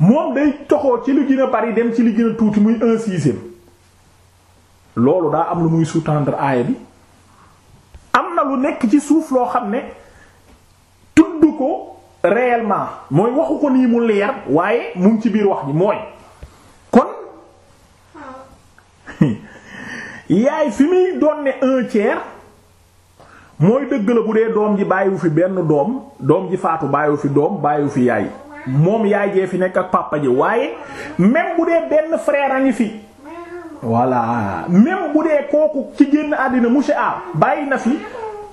moom day toxoo ci li gën a bari dem ci li gën a tuuti muy un loolu daa am lu muy sous-tendre aaya bi am na lu nekk ci suuf loo xam ne tudd ko réellement mooy waxu ko nii mu leer waaye mu ci biir wax ji mooy kon yaay fi muy doon ne un mooy dëgg la bu dee doom ji bàyyiwu fi benn doom doom ji faatu bàyyiwu fi doom bàyyiwu fi yaay moom yaay jee fi nekk ak papa ji waaye même bu dee benn frère a ngi fi voilà même bu dee kooku ci génn àddina monsieur A bàyyi na fi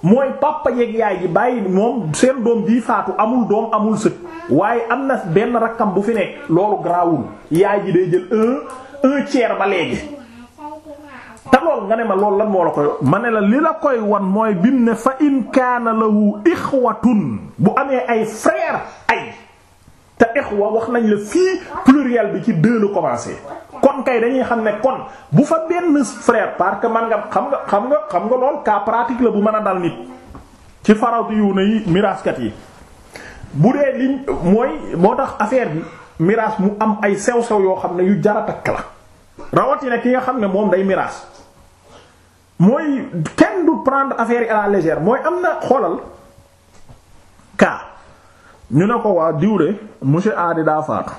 mooy papa yeeg yaay ji bàyyi moom seen doom bii faatu amul doom amul sët waaye am na benn rakkam bu fi nekk loolu garaawul yaay ji day jël un un tiers ba léegi. te lool nga ne ma loolu lan moo la koy ma ne la li la koy wan mooy bim ne fa in kaana lahu ixwatun bu amee ay frère ay te ixwa wax nañ la fii pluriel bi ci deux la commencé kon kay dañuy xam ne kon bu fa benn frère parce que man nga xam nga xam nga xam nga lool cas pratique la bu mën a dal nit ci faratu yu ne yi miraaskat yi bu dee li mooy moo tax affaire bi miraas mu am ay sew sew yoo xam ne yu jar takk la rawatina ki nga xam ne moom day miraas mooy kenn du prendre affaire yi à la légère mooy am na xoolal cas ñu ne ko waa diwre monsieur aadi daa faatu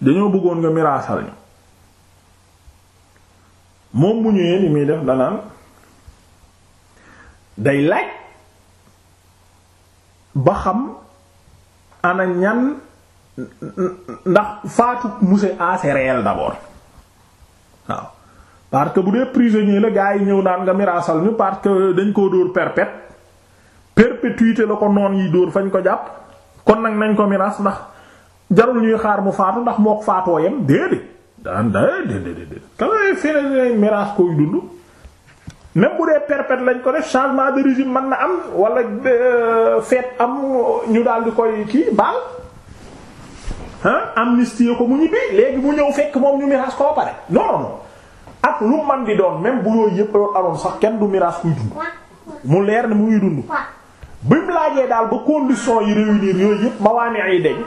dañoo bëggoon nga miraasal ñu moom mu ñëwee ni muy def danaan day laaj ba xam ana ñan ndax faatu monsieur A c'est réel d'abord waaw parce que bu dee prisonnier la gaa yi ñëw naan nga miraasal ñu parce dañ koo dóor perpète perpétuité la ko noon yi dóor fañ ko jàpp kon nag nañ ko miraas ndax jarul ñuy xaar mu faatu ndax mook faatoo yem déedéet daan daan déedéet kalaay feneen miraas koy dund même bu dee perpète lañ ko def changement de régime mën na am wala euh, feet am ñu daal di koy kii baal ah amnistie ko mu ñibbi léegi mu ñëw fekk moom ñu miraas ko pare non ak lu man di doon même bu yooyu yëpp loolu sax kenn du miraas kuy dund mu leer ne mu dund bi mu laajee daal ba conditions yi réunir yooyu yëpp mawaane yi deñ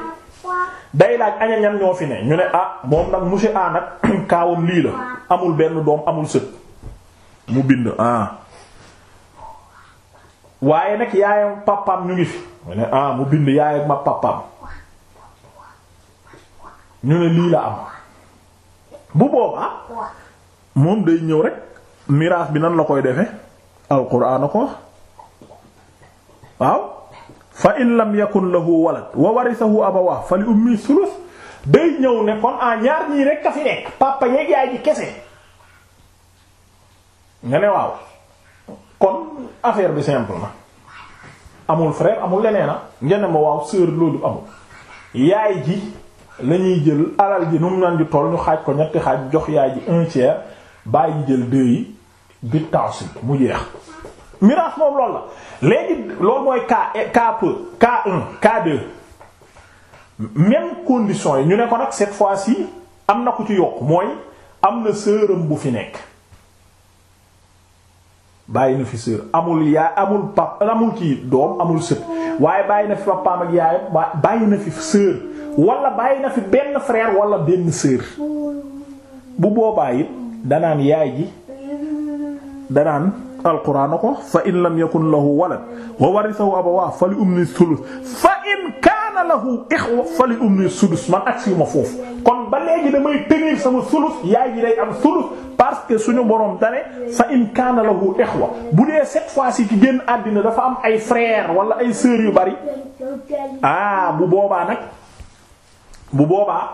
day laaj añañan ñoo fi ne ñu ne ah moom nag monsieur A nag kaawam lii la amul benn doom amul sët mu bind ah waaye nag yaayam papaam ñu ngi fi ñu ne ah mu bind yaayam ma papaam ñu ne lii la am bu boobaa moom day ñëw rek miraas bi nan la koy defe alxuraan ko waaw fa in lam yakun lahu walad wa warisahu abawaa fa li ummi sulus day ñëw ne kon en ah ñaar ñii rek a fi nekk papa yeeg yaay ji kese nga ne waaw kon affaire bi simple na amul frère amul leneen a ah. ngeen ma waaw sœur loolu amul yaay ji lañuy jël alal ji nu mu naan di toll ñu xaaj ko ñetti xaaj jox yaay ji un tiers bàyyi jël deux yi bi taasib mu jeex miraas moom loolu la léegi loolu mooy cas cas peu cas un cas deux même condition yi ñu ne ko nag cette fois-ci am na ku ci yokk mooy am na sëram bu fi nekk bàyyi na fi sœur amul yaay amul pap amul kii doom amul sët waaye bàyyi na fi papaam ak yaayam bàyyi na fi sœur wala bàyyi na fi benn frère wala benn sœur bu boobaa danaan yaay ji danaan alquran a ko fa in lam yakun lahu walad wa warisahu abawaa fa li ummi sulus fa in kaana lahu ixwa fa li ummi sulus man ak ma foofu kon ba léegi damay tenir sama sulus yaay ji day am sulus parce que suñu boroom tane fa in kaana lahu ixwa bu dee cette fois yi ci génn àddina dafa am ay frère wala ay sœurs yu bari ah bu boobaa nag bu boobaa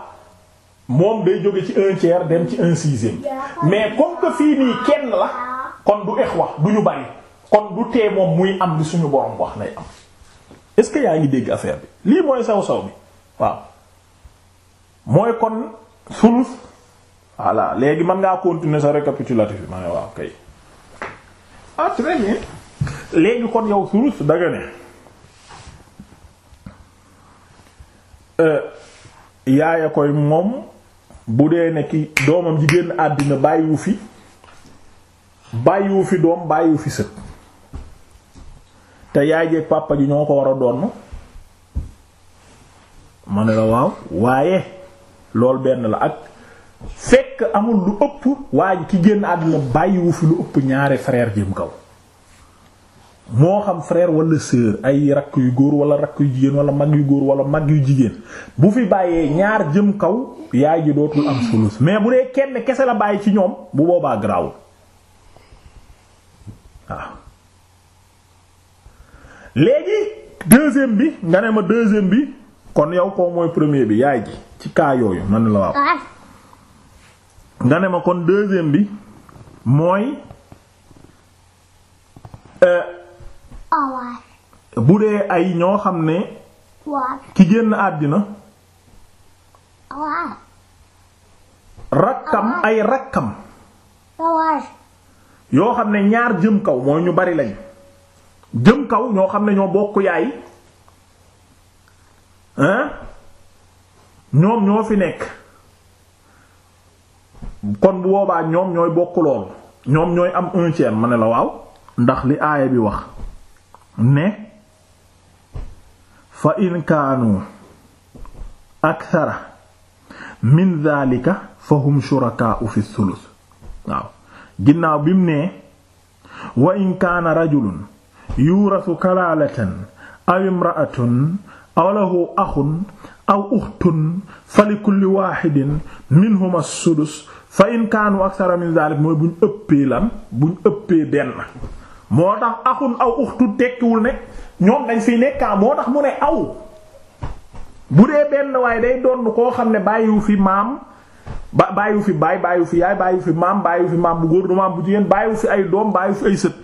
moom day jóge ci un tiers dem ci un sixième mais comme fii nii kenn la kon du wax du ñu bari kon du tee moom muy am di suñu borom wax nay am est-ce que yaa ngi dégg affaire bi lii mooy saw saw bi waaw mooy kon sulus voilà léegi man ngaa continuer sa récapitulatif bi ma ne waaw kay ah très léegi kon yow sulus danga ne euh, yaaya koy moom bu dee ne ki doomam ji génn àddina bàyyiwu fi bàyyiwu fi doom bàyyiwu fi sët te yaay jeeg papa ji ñoo ko war a doon ma ne la waaw waaye lool benn la ak fekk amul lu ëpp waaye ki génn àddina bàyyiwu fi lu ëpp ñaari frère jëm kaw moo xam frère wala sœur ay rakk yu góor wala rakk yu jigéen wala mag yu góor wala mag yu jigéen bu fi bàyyee ñaar jëm kaw yaay ji dootul am sulus mais bu dee kenn kese la bàyyi ci ñoom bu boobaa garaawul waaw léegi deuxième bi nga ne ma deuxième bi kon yow koo mooy premier bi yaay ji ci cas yooyu man la waaw ah. nga ne ma kon deuxième bi mooy euh, oh, bu dee ay ñoo xam ne ki génn àddina oh, rakkam oh, ay rakkam yoo xam ne ñaar jëm kaw mooy ñu bari lañ jëm kaw ñoo xam ne ñoo bokk yaay ñoom ñoo fi nekk kon bu boobaa ñoom ñooy bokk lool ñoom ñooy am un tiers ma ne la waaw ndax li aaya bi wax ne fa in aksara min dhalika fa hum shurakaa'u fi thuluth waaw ginnaaw bi mu nee wa in kaana rajulun yuurasu kalaalatan aw imra'atun aw lahu axun aw uxtun fa kulli waaxidin minhuma sudus fa in kaanu aksara min dalik mooy buñ ëppee lan buñ ëppee benn moo tax axun aw uxtu tekkiwul ne ñoom dañ fiy nekkaa ah, moo tax mu ne aw bu dee benn waaye day doon koo xam ne bàyyiwu fi maam ba bàyyiwu fi baay bàyyiwu fi yaay bàyyiwu fi maam bàyyiwu fi maam bu góor du maam bu jigéen bàyyiwu fi ay doom bàyyiwu fi ay sët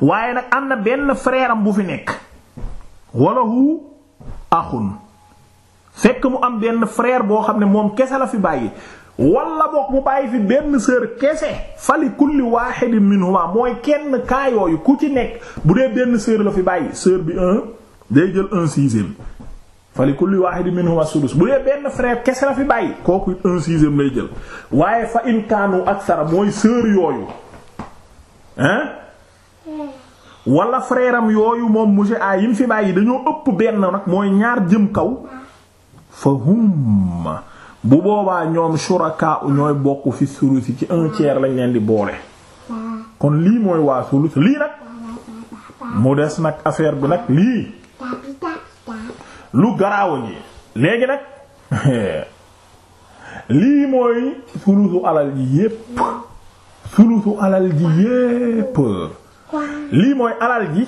waaye nag am na benn frère bu fi nekk walahu axun fekk mu am benn frère boo xam ne moom kese la fi bàyyi wala boog mu bàyyi fi benn sœur kese fali kulli wahidin minhuma mooy kenn kaa yooyu ku ci nekk bu dee benn sœur la fi bàyyi sœur bi un day jël un sixième fa li kulli wahidin minhum as-sudus bu dee benn frère kese la fi bàyyi kooku un lay jël waaye fa in kaanu akthara mooy sœur yooyu hein wala frère yooyu moom monsieur a yim fi bàyyi dañoo ëpp benn nag mooy ñaar jëm kaw fa hum bu boobaa ñoom shuraka ñooy bokk fi sulusi ci un tiers lañ leen di boole kon lii mooy waa sulus lii nag mu des nag affaire bi nag lii lu garaawa ngi léegi nag lii mooy sulusu alal ji yépp alal ji lii mooy alal ji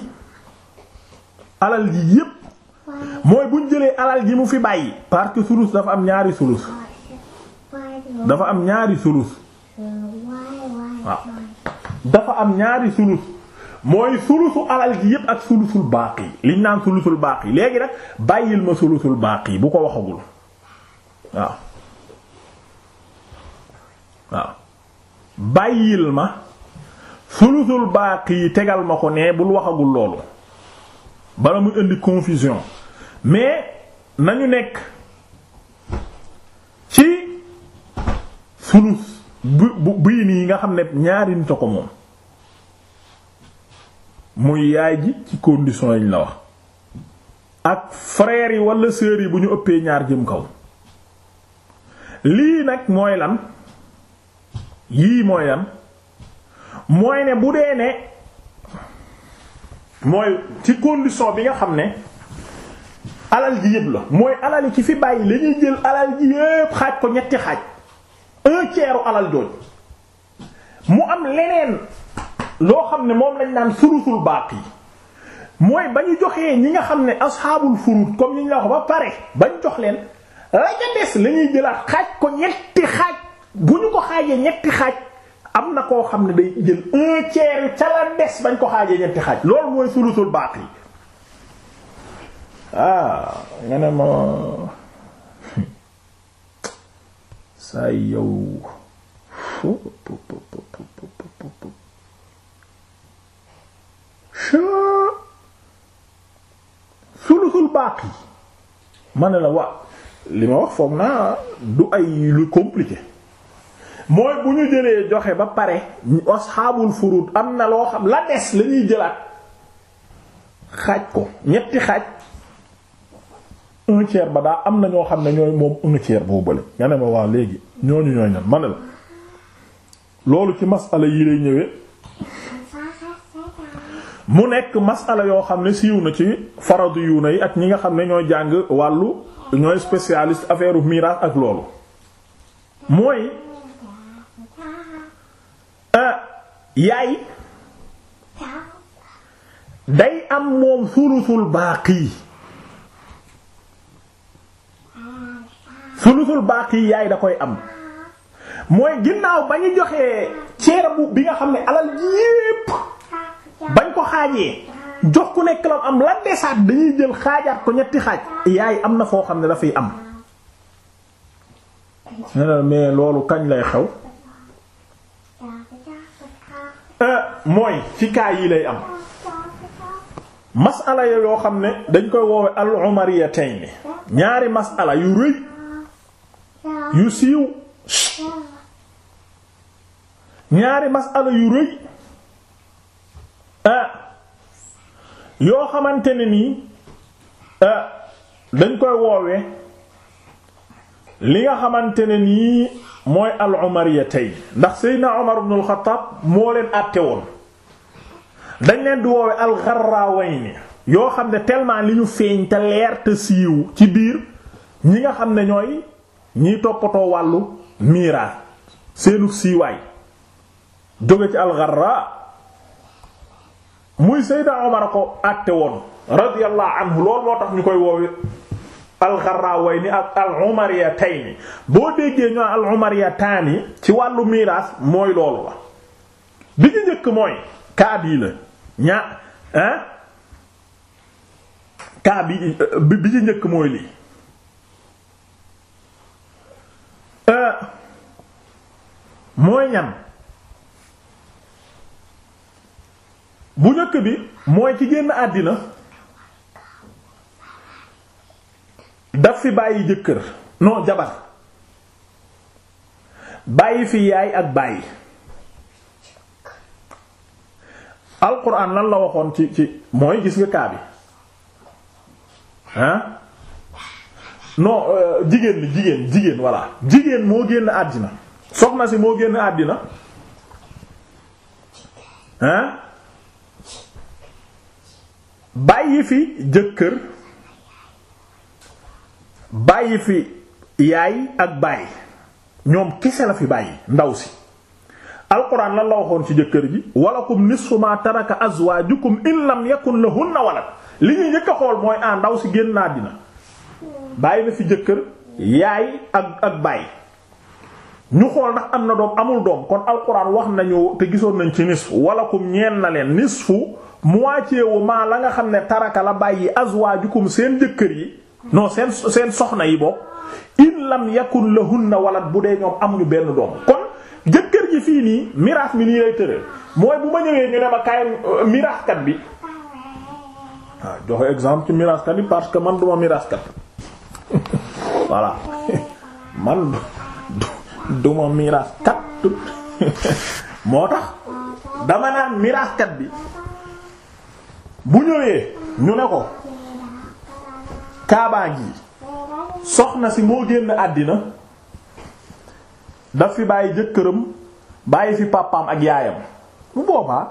alal ji yépp mooy buñ jëlee alal ji mu fi bàyyi parce que sulus dafa am ñaari sulus dafa am ñaari sulus waaw dafa am ñaari sulus mooy sulusu alal ji yépp ak sulusul baaqi liñ naan sulusul baaqi léegi nag bàyyil ma sulusul yi bu ko waxagul waaw waaw bàyyil ma sulusul yi tegal ma ko ne bul waxagul loolu bala mu indi confusion mais nañu nekk ci sulus bu bu bii nii nga xam ne ñaari nit a ko moom muy yaay ji ci condition yiñ la wax ak frères yi wala sœurs yi bu ñu ëppee ñaar jëm kaw lii nag mooy lan yii mooy lan mooy ne bu dee ne mooy ci condition bi nga xam ne alal ji yépp la mooy alal yi ci fi bàyyi la jël alal ji yépp xaaj ko ñetti xaaj un tiers alal jooj mu am leneen. loo xam ne moom lañ naan sulusul baaqi mooy ba ñu joxee ñi nga xam ne asxaabul furud comme ni ñu la wax ba pare bañ jox leen la des la ñuy jëlaat xaaj ko ñetti xaaj bu ñu ko xaajee ñetti xaaj am na koo xam ne day jël un tiers ca la des bañ ko xaajee ñetti xaaj loolu mooy sulusul baax ah nga ne ma saa yow. sulusul baaqi ma ne la wa li ma wax foog naa du ay lu compliqué mooy bu ñu jëlee joxe ba pare asxaabul furud am na loo xam la des la jëlaat xaaj ko ñetti xaj un tiers ba daa am na ñoo xam ne ñooy moom un tiers boo bële nga ma waaw léegi ñooñu ñooy ñan ma la loolu ci masala yi lay ñëwee mu nekk masala yoo xam ne siiw na ci faradu yu na yi ak ñi nga xam ne ñooy jàng wàllu ñooy spécialiste affaire u miraas ak loolu mooy yaay day am moom sulusul baaqi sulusul baaqi yaay da koy am mooy ginnaaw ba ñu joxee ceer bu bi nga xam ne alal yépp bañ ko xaajee jox ku nekk la am lan desaat dañuy jël xaajaat ko ñetti xaaj yaay am na foo xam ne dafay am mais loolu kañ lay xew euh, mooy ci yi lay am masala yoo xam ne dañ koy woowe al umariyatayn ñaari masala yu rëy yu siiw ñaari masala yu rëy Ah. yoo xamante ne nii ah, dañ koy woowe li nga xamante ne nii mooy al tey ndax Seydina Umar ibn al-Khattab moo leen àtte woon dañ leen di woowe al gharrawayni yoo xam ne tellement li ñu feeñ te leer te siiw ci biir ñi nga xam ne ñooy ñiy toppatoo wàllu miiraas seenu siiwaay jóge ci al gharra muy Seydina Omar ko àtte woon radiyallahu anhu loolu moo tax ñu koy woowe alxarawayni ak al-umariyatayni boo déggee ñoo al-umariyatayni ci wàllu miraas mooy loolu la bi ñu njëkk mooy kaab la ñaa ah kaab bi ci njëkk mooy lii euh, mooy ñan bu njëkk bi mooy ci génn àddina daf fi bàyyi jëkkër noo jabar bàyyi fi yaay ak bàyyi alquran lan la waxoon ci ci mooy gis nga kaa bi ah jigéen ni jigéen jigéen voilà jigéen moo génn àddina soxna si moo génn àddina ah bàyyi fi jëkkër bàyyi fi yaay ak bàyyi ñoom kese la fi bàyyi ndaw si alquran lan la waxoon ci jëkkër ji walakum nisfu ma taraka azwajukum in lam yakun lahunna walad li ñuy mooy ah ndaw si génn naa dina bàyyi na fi jëkkër yaay ak ak bàyyi ñu xool ndax am na doom amul doom kon alquran wax nañu te gisoon nañ ci nisfu walakum ñeen na leen nisfu moitié wu maa la nga xam ne taraka la bàyyi azwaajukum seen jëkkër yi non seen seen soxna yi bokk in lam yakun lahunna walad bu dee ñoom amuñu benn doom kon jëkkër ji fii nii miraas mi nii lay tëral mooy bu ma ñëwee ñu ne ma kaay miraaskat bi exemple ci parce que man duma miraaskat voilà man duma miraaskat moo tax dama naan miraaskat bi bu ñëwee ñu ne ko kaabaa ngi soxna si moo génn àddina daf fi bàyyi jëkkëram bàyyi fi pàppam ak yaayam bu boobaa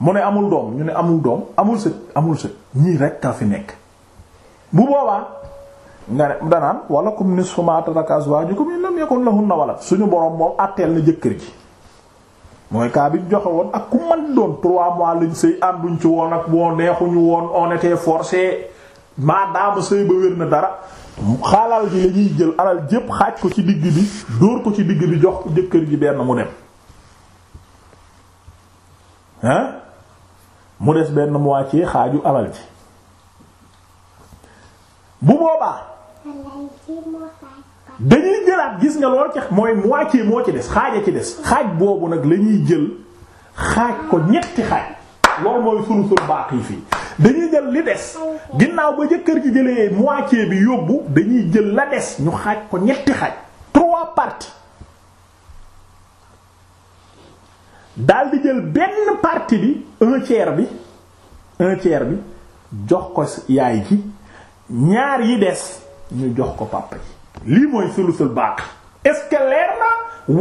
mu ne amul doom ñu ne amul doom amul sët amul sët ñii rekk a fi nekk bu boobaa nga ne danaan wala kum nisfu ma taraka azwajukum in lam yakun lahunna walad suñu boroom moom àtteel na jëkkër ji mooy kaa bi joxe woon ak ku man doon trois mois lañ sëy ànduñ ci woon ak boo neexuñu woon on était forcé maadaama sëy ba wér na dara xaalal ji la jël alal jépp xaaj ko ci digg bi dóor ko ci digg bi jox ko jëkkër ji benn mu dem hein mu des benn mu wàccee xaaju alal ji bu boobaa dañuy jëlaat gis nga lool ci mooy moitié moo ci des xaaj ci des xaaj boobu nag lañuy jël xaaj ko ñetti xaaj loolu mooy sulusul baaqi fii dañuy jël li des ginnaaw ba jëkkër ji jëlee moitié bi yóbbu dañuy jël la des ñu xaaj ko ñetti xaaj trois parties daldi jël benn partie bi un tiers bi un tiers bi jox ko yaay ji ñaar yi des ñu jox ko papa ji lii mooy sulusul baaqi est-ce que leer na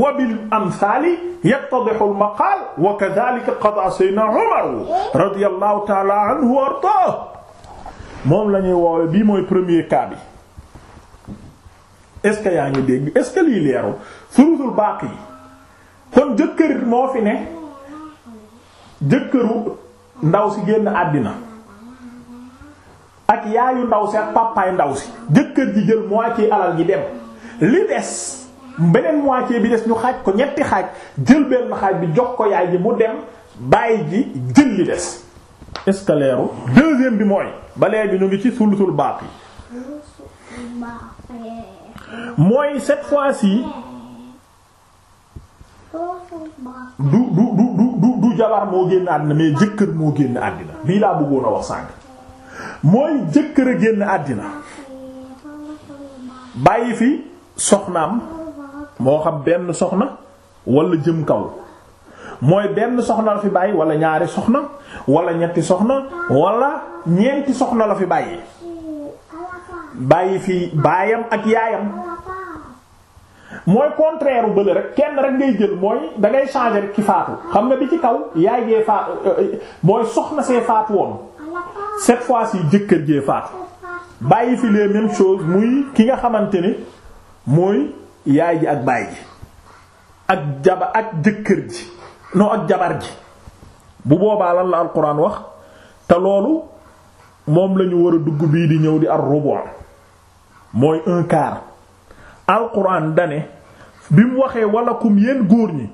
wa bil amsaali yattadihu al maqaal wa kadhalika qadaa sayyidina Umar radiyallahu ta'ala anhu wa ardaahu moom la ñuy woowe bii mooy premier cas bi est-ce que yaa ngi dégg est-ce que lii leerul sulusul baaqi kon jëkkër moo fi ne jëkkëru ndaw si génn àddina ak yaayu ndaw si ak papaay ndaw si jëkkër ji jël moitié alal ji dem li des beneen moitié bi des ñu xaaj ko ñetti xaaj jël benn xaaj bi jox ko yaay ji mu dem bàyyi ji jël li des est-ce bi mooy ba léegi ñu ngi ci sulusul baaqi mooy cette fois-ci du du du du du jabar moo génn àddina mais jëkkër moo génn àddina lii laa bëggoon a wax sànq mooy jëkkër a génn àddina bàyyi fi soxnaam moo xam benn soxna wala jëm kaw mooy benn soxna la fi bàyyi wala ñaari soxna wala ñetti soxna wala ñeenti soxna la fi bàyyi bàyyi fi baayam ak yaayam mooy contraire u bële rek kenn rek ngay jël mooy da changer rek ki faatu xam nga bi ci kaw yaay gee faatu euh, euh, mooy soxna see faatu woon cette fois-ci jëkkër jee faatu bàyyi fi les mêmes muy ki nga xamante ni mooy yaay ji ak baay ak jaba ak jëkkër ji non ak jabar ji bu boobaa lan la alquran wax te loolu moom lañu ñu war a dugg bii di ñëw di ar mooy un quart dane bi mu waxee walakum yéen góor ñi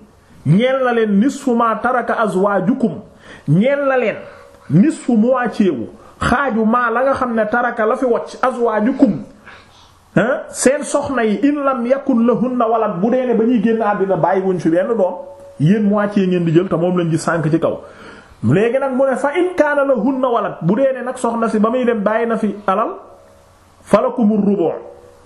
ñeel na leen nisfu ma taraka azwaajukum ñeel na leen nisfu moitié wu xaaju maa la nga xam ne taraka la fi wacc azwaajukum seen soxna yi in lam yakun na walad bu dee ne ba ñuy génn àddina bàyyi wuñ fi benn doom yéen moitié ngeen di jël te moom lañ gis sànk ci kaw. léegi nag mu ne fa in kaana lahunna walad bu dee nag soxna si ba muy dem bàyyi na fi alal falakumu rubu'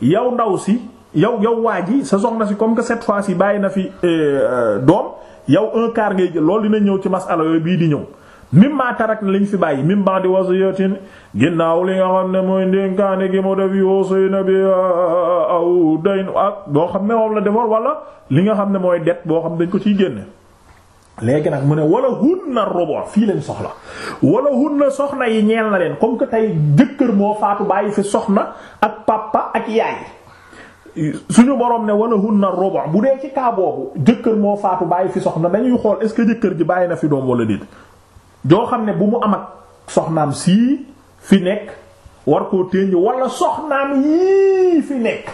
yow ndaw si yow yow waa sa soxna si comme que cette fois ci bàyyi na fi euh, euh, doom yow un quart ngay jël loolu dina ñëw ci masala yooyu bii di ñëw. mimma tarak lañ fi bàyyi mim ba'di wasiyatin ginnaaw li nga xam ne mooy ndénkaane gi mu def yuusiina bi aw dayn ak boo xam ne moom la defoon wala li nga xam ne mooy det boo xam ne dañ ko ciy génne léegi nag mu ne wala hunna rubu' fii leen soxla wala hunna soxna yi ñeel na leen comme que tey jëkkër moo faatu bàyyi fi soxna ak papa ak yaay suñu borom ne wala hunna rubu' bu dee ci cas boobu jëkkër moo faatu bàyyi fi soxna dañuy xool est ce que jëkkër bàyyi na fi doom wala déet joo xam ne bu mu am ak soxnaam sii fi nekk war koo téeñ wala soxnaam yii fi nekk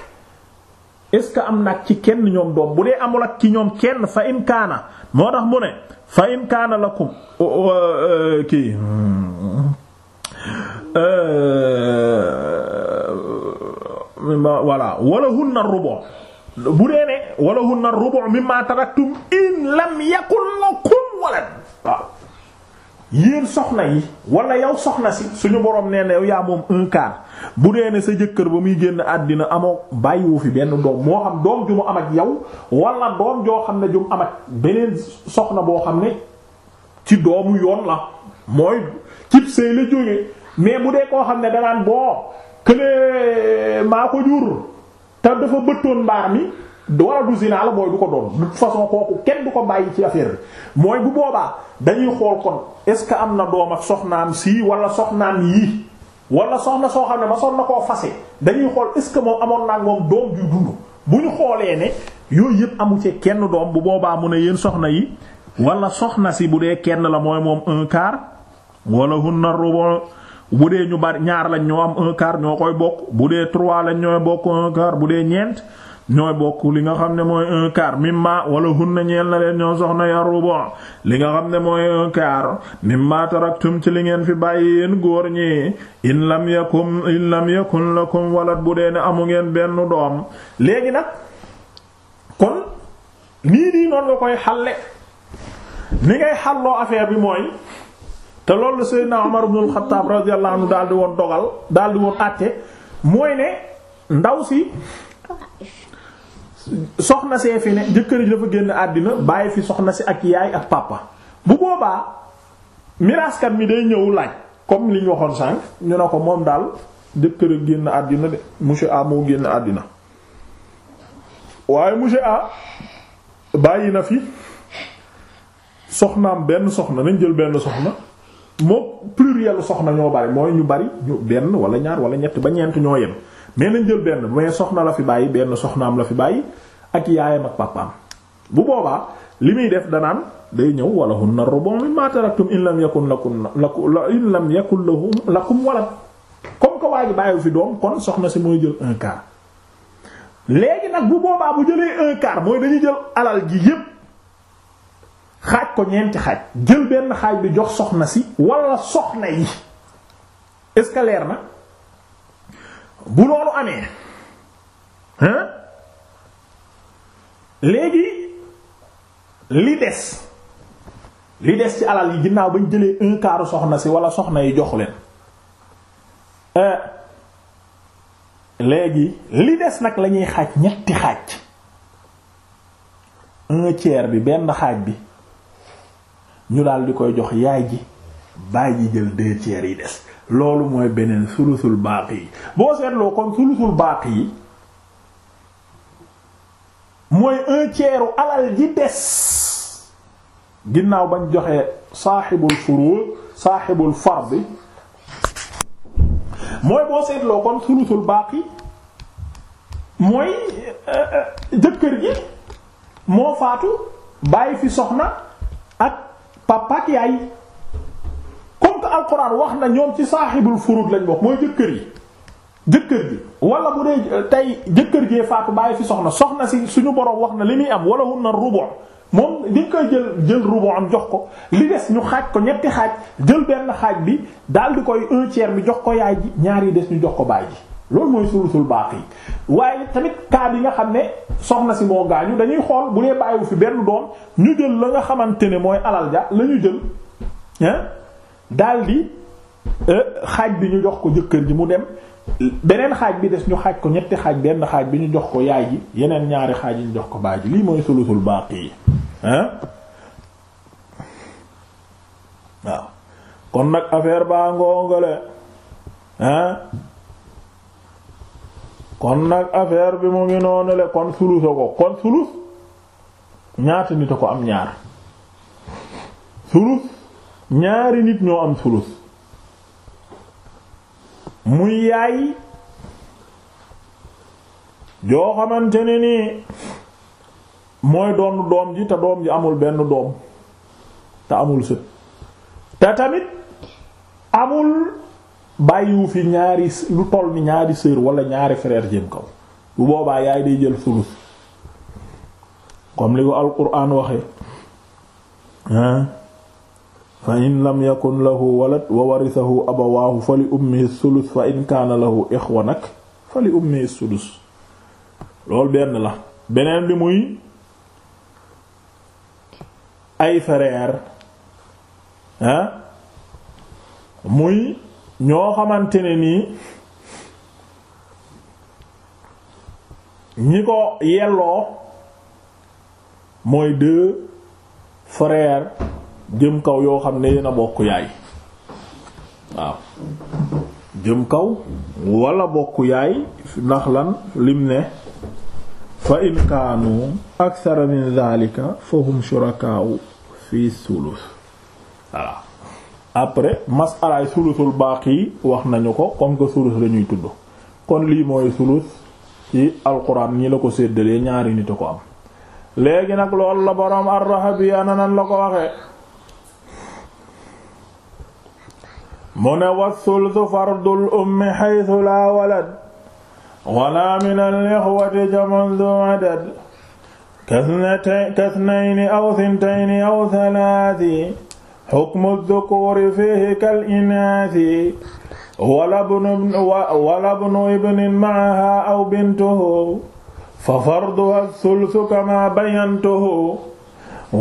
est-ce que am nag ci kenn ñoom doom bu dee amul ak ci ñoom kenn fa in kaana moo tax mu ne fa in kaana lakum e, kii hmm, e, voilà wala bu dee ne wala hunna rubu mimma taraktum in lam yakun lakum walad waaw yéen soxna yi wala yow soxna si suñu borom nee na yow yaa moom un quart bu dee ne sa jëkkër ba muy génn àddina amoo bàyyiwu fi benn doom moo xam doom ju mu am ak yow wala doom joo xam ne ju mu am ak beneen soxna boo xam ne ci doomu yoon la mooy cib sëy la jóge mais bu dee koo xam ne danaan boo këlee maa ko jur te dafa bëttoon mbaax mi wala du zina la du ko doon de kooku kenn du ko bàyyi ci affaire mooy bu boobaa dañuy xool kon est-ce que am na doom ak soxnaam sii wala soxnaam yii wala soxna soo xam ne ma soxna dañuy xool est-ce que moom amoon naa moom bu ñu xoolee ne yooyu yëpp amu ci kenn doom bu boobaa mu ne yéen soxna yi wala soxna si bu dee kenn la mooy moom un wala hunna rubu bu dee ñu bari ñaar lañ ñoo am un quart ñoo koy bokk bu dee trois lañ ñooy bokk un quart bu dee ñeent. ñooy bokk li nga xam ne mooy un quart mimma wala hunna ñeel na leen ñoo soxna yarubo li nga xam ne mooy un quart mimma taraktum ci li ngeen fi bàyyi yéen góor ñi in lam yakum in lam yakun bu dee ne amu ngeen benn doom léegi nag kon nii nii noonu nga koy xalle ni ngay xalloo affaire bi mooy te loolu Seydina Omar ibn al-Khattab radiyallahu anhu daal di woon dogal daal di woon àtte mooy ne ndaw si soxna see fi ne jëkkër ji dafa génn àddina bàyyi fi soxna si ak yaay ak papa bu boobaa miraaskat mi day ñëw laaj comme li waxoon sànq ñu ne ko moom daal jëkkër ak génn àddina de monsieur A moo génn àddina waaye monsieur bàyyi na fi soxnaam benn soxna nañ jël benn soxna moo plurielu soxna ñoo bari mooy ñu bari ñu benn wala ñaar wala ñett ba ñeent ñoo yem. nee nañ jël benn mais soxna la fi bàyyi benn soxna am la fi bàyyi ak yaayam ak papaam bu boobaa li muy def danaan day ñëw wala hunna rubu' mimma taraktum in lam yakun lakum in lam yakun lahum lakum comme que waa ji bàyyiwu fi doom kon soxna si mooy jël un léegi nag bu boobaa bu jëlee un mooy dañuy jël alal ji yépp xaaj ko ñeenti xaaj jël benn xaaj bi jox soxna si wala soxna yi est-ce que leer na bu loolu amee hein léegi li des li des ci alal yi ginnaaw bañ jëlee un quart soxna si wala soxna yi jox leen euh, léegi li des nag lañuy xaj ñetti xaaj un tiers bi benn xaaj bi ñu daldi koy jox yaay ji bàyyi jël deux tiers yi des loolu mooy beneen sulusul baax yi boo seetloo kon sulusul baax yi mooy un ji des bañ joxe saaxibul furu saaxibul fard bi mooy boo seetloo kon sulusul baaqi mooy euh, jëkkër ji moo faatu bàyyi fi soxna ak papa yaay alquran wax na ñoom ci saaxibul furud lañ bokk mooy jëkkër yi jëkkër ji wala bu dee euh, tey jëkkër jee faatu bàyyi fi soxna soxna si suñu boroom wax na li muy am wala hun na rubu moom dañ koy jël jël rubu am jox ko li des ñu xaaj ko ñetti xaaj jël benn xaaj bi daal di koy un tiers bi jox ko yaay ji ñaari yi des ñu jox ko baay ji loolu mooy sulusul baaqi waaye tamit cas bi nga xam ne soxna si moo gaañu dañuy xool bu dee bàyyiwu fi benn doom ñu jël la nga xamante ne mooy alal ja la jël daldi euh, xaaj bi ñu jox ko jëkkër ji mu dem beneen xaaj bi des ñu xaaj ko ñetti xaaj benn xaaj bi ñu jox ko yaay ji yeneen ñaari xaaj yi ñu jox ko baay ji lii mooy sulusul baaqi yi hein kon nag affaire baa ngoongale hein kon nag affaire bi mu ngi noonu le kon sulusa ko kon sulus ñaata nit a am ñaar sulus ñaari nit ñoo am sulus muy yaay joo xamante ne nii mooy doon doom ji te doom ji amul benn doom te amul sët te tamit amul bàyyiwu fi ñaari lu toll ni ñaari sœur wala ñaari frère jëm kaw bu boobaa yaay day jël sulus comme li ko alquran waxe fa in lam yakun lahu walad wa warisahu abawaahu fa li ummihi sulus fa in kaana lahu ixwanak fa li ummihi sulus loolu benn la beneen bi muy ay frère ah muy ñoo xamante ne nii ñi ko yelloo mooy deux frères jëm kaw yoo xam ne yéen a bokk yaay waaw jëm kaw wala bokk yaay ndax lan lim ne fa in kaanu akthara min dhalika fa hum shurakaa'u fi sulus voilà masalaay sulusul baaqi wax nañu ko kon que sulus lañuy tudd kon lii mooy sulus ci alquran ñi la ko séddalee ñaari nit a ko am léegi nag loolu la boroom ar-Rahabi ana la ko waxee mu ne wa thulthu fardul ummi xaytu laa walad wala min al-ixwati jamun du adad kathnayni aw thintayni aw thalaati xukmu dhukuuri fiihi kal inaati wala bnu ibnin maaha aw bintuhu fa farduha thulthu kama bayantuhu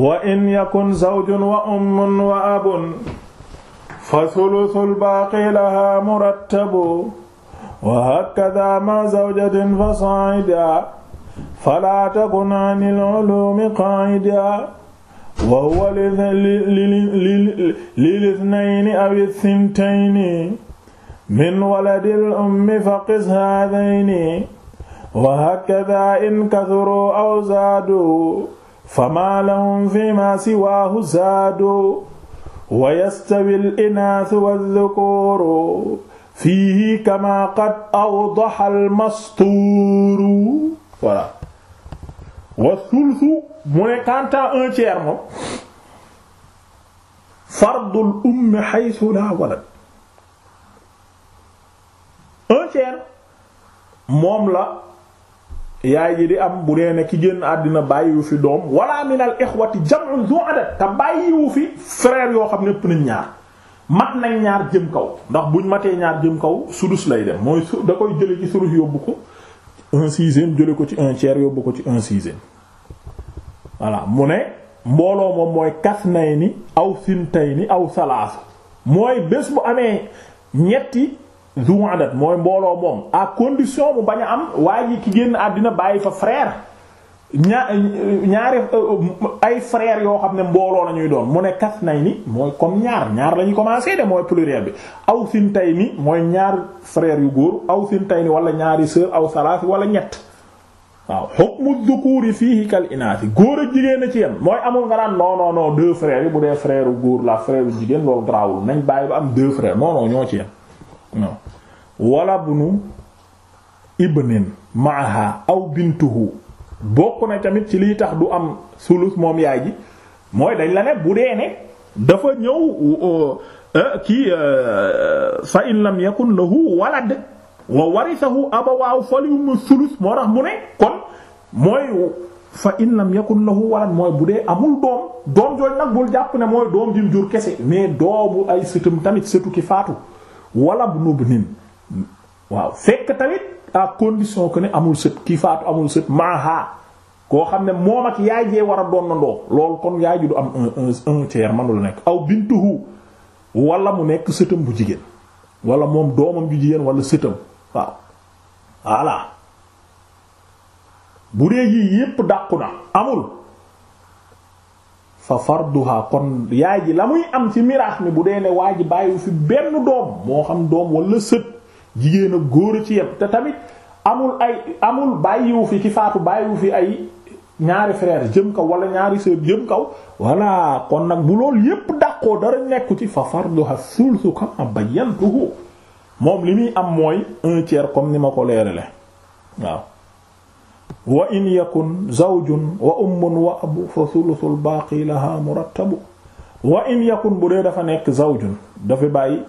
wa in yakun zawjun wa ummun wa abun fa thuluthul baaqi laha murattabu wa hakadha ma zawjatin fa sa'ida fala takun 'anil 'ulumi qa'ida wa huwa lil ithnayni aw ithintayni min waladil ummi faqis haadayni wa hakadha in kathuru aw zaadu fama lahum fima siwaahu zaadu wa yastawi al-inaasu wadh-dhukuru fiihi kamaa qad awdaha al-mastuuru voilà wa thulthu mu ne quant à un tiers moom fardul ummi haythu laa walad un tiers moom la yaay yi di am bu dee ne ki génn àddina bàyyiwu fi doom wala minal ixwati jam'un du adat te bàyyiwu fi frère yoo xam ne ëpp nañ ñaar mat nañ ñaar jëm kaw ndax buñ matee ñaar jëm kaw sudus lay dem mooy da koy jële ci sudus yóbbu ko un sixième jële ko ci un tiers yóbbu ko ci un sixième voilà mu ne mbooloo moom mooy kas nay ni aw sintay ni aw salaas mooy bés bu amee ñetti zuwadat mooy mbooloo moom ak condition bu bañ am waaye ji ki génn àddina bàyyi fa frère ñaa ñaari euh, euh, ay frère yoo xam ne mbooloo la doon mu ne kas nay ni mooy comme ñaar ñaar la ñuy commencé de mooy pluriel bi aw sin tay ni mooy ñaar frère yu góor aw sin tay ni wala ñaari sœur aw salaasi wala ñett waaw hukmu dhukuri fihi kal inaasi góor ak jigéen a ci yem mooy amul nga naan non non deux frères yi bu dee frère góor la yu jigéen loolu garaawul nañ ba am deux frères non non ñoo ci wala bunu ibnin maaha aw bintuhu bokk na tamit ci liy tax du am sulus moom yaay ji mooy dañ la ne bu dee ne dafa ñëw euh, euh, kii euh, fa in lam yakun lahu walad wa warisahu abawaahu falyum sulus moo tax mu ne kon mooy fa in lam yakun lahu walad mooy bu dee amul doom doom jooju nag bul jàpp ne mooy doom jim jur kese mais doobu ay sëtam tamit sëtu ki faatu wala bu nub nin waaw fekk tamit à condition que ne amul sët kii faatu amul sët maaha koo xam ne moom ak yaay jee war a doon na ndoo loolu kon yaay ju du am un un tiers manula nekk aw bintuhu walla mu nekk sëtam bu jigéen wala moom doomam ju jigéen wala sëtam waaw voilà bu dee yépp dàqu amul fa farduha kon yaay ji la muy am ci miraas mi bu dee ne waa bàyyiwu fi benn doom moo xam doom wala sët jigéen ak góor a ci yem te tamit amul ay amul bàyyiwu fi ci faatu bàyyiwu fi ay ñaari frère jëm kaw wala ñaari sœur jëm kaw voilà kon nag bu loolu yépp dàqoo dara nekku ci fa farduha thulthu kama bayantuhu moom li muy am mooy un tiers comme ni ma ko leerale waaw wa in yakun zawjun wa ummun wa abu fa thuluthul baaqi laha murattabu wa in yakun bu dee dafa nekk zawjun dafa bàyyi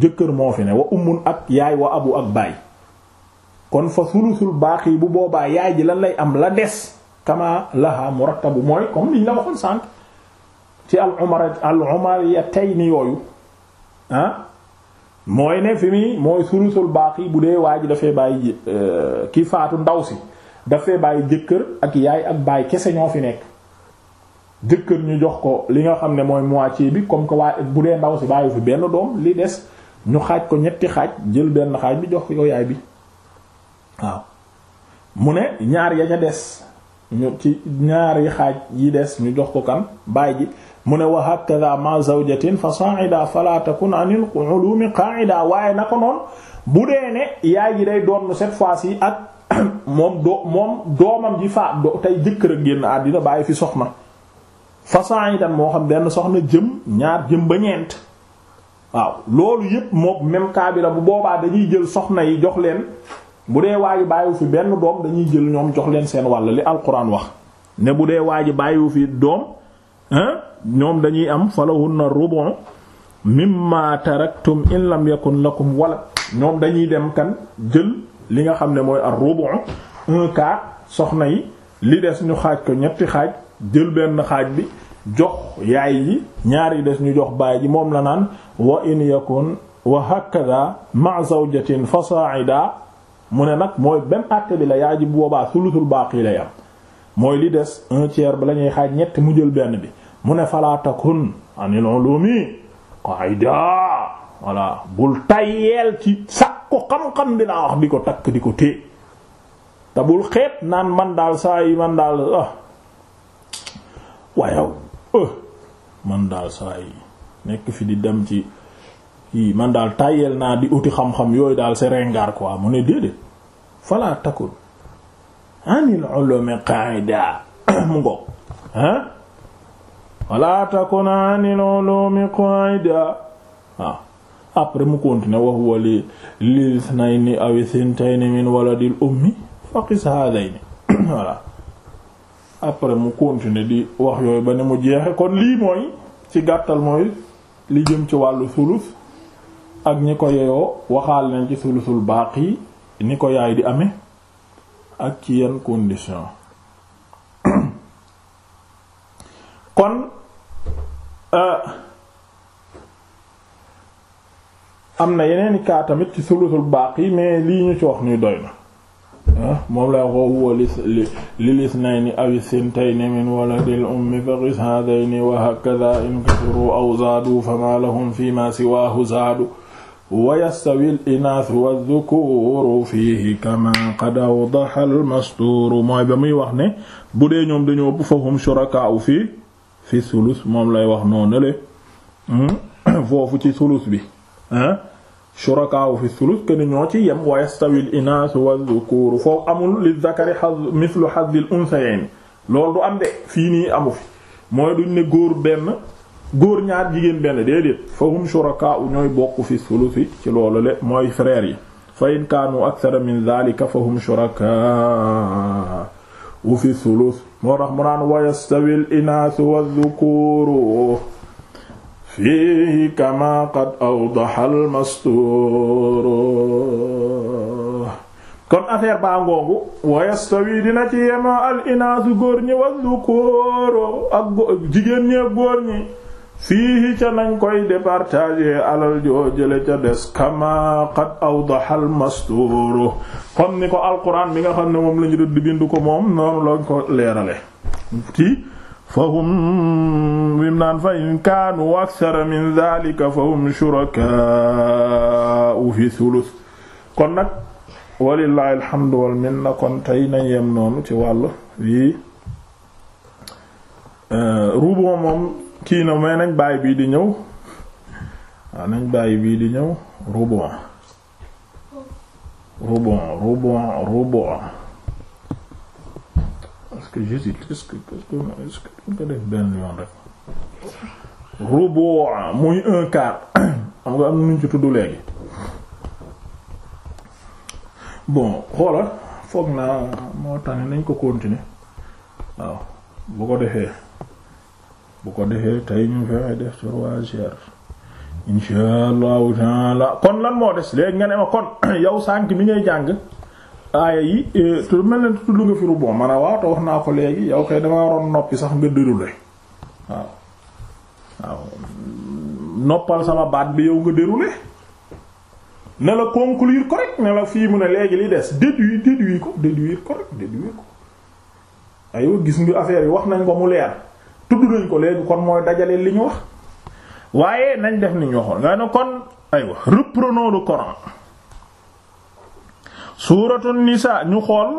jëkkër moo fi ne wa ummun ak yaay wa abu ak baay kon fa sulusul baaqi bu boobaa yaay ji lan lay am la des kama laha murattabu mooy comme liñ la waxoon sànq ci al umara al umariyatayn yooyu ah mooy ne fi mi mooy sulusul baaqi bu dee waa ji dafay bàyyi euh, ki faatu ndaw si dafay bàyyi jëkkër ak yaay ak baay kese ñoo fi nekk jëkkër ñu jox ko li nga xam ne mooy moitié bi comme que waa bu dee ndaw si bàyyi fi benn doom li des ñu xaaj ko ñetti xaaj jël benn xaaj bi jox ko yaay bi waaw mu ne ñaar ya ca des ñu ci ñaari xaaj yi des ñu jox ko kan baay ji mu ne wax hakaza ma zawjatin fa sa'ida fala takun anil ulumi qa'ida waaye na ko noonu bu dee ne yaay ji day doon cette fois-ci ak moom do moom doomam ji fa do tey jëkkër a génn àddina bàyyi fi soxna façanidan moo xam benn soxna jëm ñaar jëm ba ñeent waaw loolu yépp moom même cas bi la bu boobaa dañuy jël soxna yi jox leen bu dee waaji bàyyiwu fi benn doom dañuy jël ñoom jox leen seen wàll li alquran wax ne bu dee waaji bàyyiwu fi doom ñoom dañuy am falahunna rubu mimma taraktum in lam yakun lakum wala ñoom dañuy dem kan jël li nga xam ne mooy ar rubu un soxna yi li des ñu xaaj ko ñetti xaaj jël benn xaaj bi jox yaay ji ñaar des ñu jox baay ji moom la naan wa in yakun wa hakada ma zawjatin fa sa'ida mu ne nag mooy benn àtte bi la yaay ji boobaa sulusul baaqi lay am mooy li des un tiers ba la xaaj ñett mu jël benn bi mu ne fala takun anil ulumi qaida voilà bul tayyeel ci sàk ko xam-xam bi naa wax di ko takk di ko téye te bul xeet naan man daal saa yi man daal ah wayow oh, man daal saa yi nekk fi di dem ci i man daal tàyyeel naa di uti xam-xam yooyu daal c'est ringard quoi mu ne déedéet fala takun anil ulumi qaida mu ngo ah wala takun anil ulumi qaida waaw après mu continuer wax wali lisnayni aw sintayni après mu continuer di wax yooyu ba ne mu jeexe kon lii mooy ci gàttal mooy li jëm ci wàllu sulus ak ñi ko yeyoo waxal nañ ci sulusul yi ni ko yaay di amee ak ci yenn condition kon euh, am na yeneen i kaa tamit ci sulusul yi mais lii ñu ci wax nii doy na Ah, moom lay woowu li lil ithnayni aw sintayni min waladil ummi faqis haadayni wa hakadha in kasuru aw zaadu fama lahum fima siwaahu zaadu wa yastawi al-inaathu wadh-dhukuru fiihi kama qad awdaha al-mastuur mooy ba muy wax ne bu dee ñoom dañoo bu fahum shurakaa'u fii fi sulus moom lay wax noonu le hmm? foofu ci sulus bi ah shurakaawu fi thuluth ken ñoo ci yem wa yastawil inaas wa dhukuur foofu amul li zakari hazz mithlu hazzil unsayayn loolu du am de fii fi mooy duñ ne góor benn góor ñaar jigéen benn déedéet fa hum shurakaa'u ñooy bokk fi thuluthi ci loolu le mooy frère yi in kaanu akthara min dhalika fa hum shurakaa'u fi thuluth moo tax mu naan wa yastawil inaas wa fiihi kamaa qad awdaha al-mastuur kon affaire baa ngoongu wa dina ci yemoo al inaasu góor ñi wa dhukuru ak jigéen ñi ak góor ñi fiihi ca nañ koy départager alal joo jële ca des kamaa qad awdaha al-mastuur xam ni ko alquran mi nga xam ne moom lañu rëdd bindu ko moom noonu lañ ko leerale fahum bim naan fa in kaanu akthara min dhalika fahum shurakaa'u fi thuluth kon nag walillahi alhamdu wal minna kon tey nañ yem noonu ci wàllu yii euh, ruuboo moom kii na may nañ bàyyi bii di ñëw waaw nañ bii di ñëw ruuboo que j'hésite est-ce que est-ce que nga def benn yoon rek rubu muy un quart xam nga am nañu ci tudd léegi bon xoola foog naa moo tax nañ ko continuer waaw bu ko defee bu ko defee tey ñu fexe def trois heures insha allahu taala kon lan moo des léegi nga ne ma kon yow sànk mi ngay jàng aaya yi e, lu mel ne tudd nga fi rubon man a waaw te wax naa ko léegi yow kay dama waroon noppi sax nga déroulé waaw noppal sama baat bi yow nga déroulé ne la ko rek ne fii mu ne léegi li des déduire déduire ko déduire ko rek déduire ko aywa gis nga affaire yi wax nañ ko mu leer tudd nañ ko léegi kon mooy dajale li ñu wax waaye nañ def ni ñu waxoon nga ne kon aywa reprenons le Coran suuratu nisaa ñu xool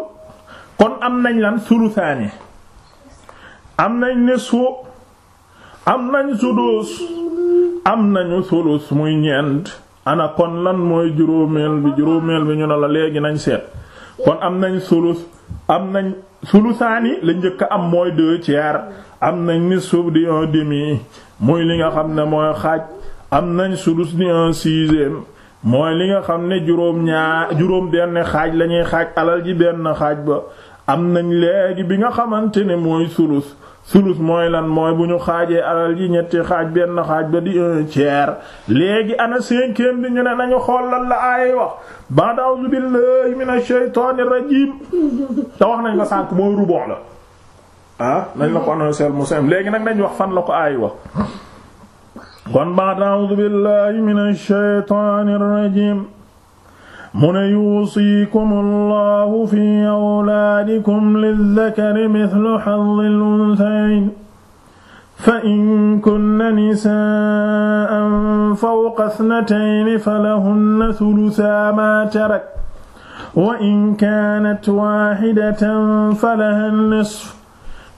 kon am nañ lan sulusaani am nañ nisfu am nañ sudus am nañu sulus muy ñeent ana kon lan mooy juróomeel bi juróomeel bi ñu ne la léegi nañ seet kon am nañ sulus am nañ sulusaani la njëkk am mooy deux tiers am nañ nisfu di un demi muy li nga xam ne mooy xaaj am nañ sudus di un sixième mooy li nga xam ne juróom ñaar juróom benn xaaj lañuy xaaj alal ji benn xaaj ba am nañ léegi bi nga xamante ne mooy sulus sulus mooy lan mooy bu ñu xaajee alal yi ñetti xaaj benn xaaj ba di un tiers léegi ana cinquième bi ñu ne nañu xoolal la aay wax ba'd a'uuzu billahi minash shaytaanir rajiim te wax nañ ko sànk mooy rubo la ah nañ la ko annoncé mu sem léegi nag nañ wax fan la ko aay wax kon baat a'uudu billahi mina shaytaani rajiim mu ne yuusikum allahu fi awlaadikum lizzakari mithlu hazzil unthayayn fa in kunna nisaa'an fawqa ithnatayni falahunna thuluthaa maa taraka wa in kaanat waahidatan falahaa nisfu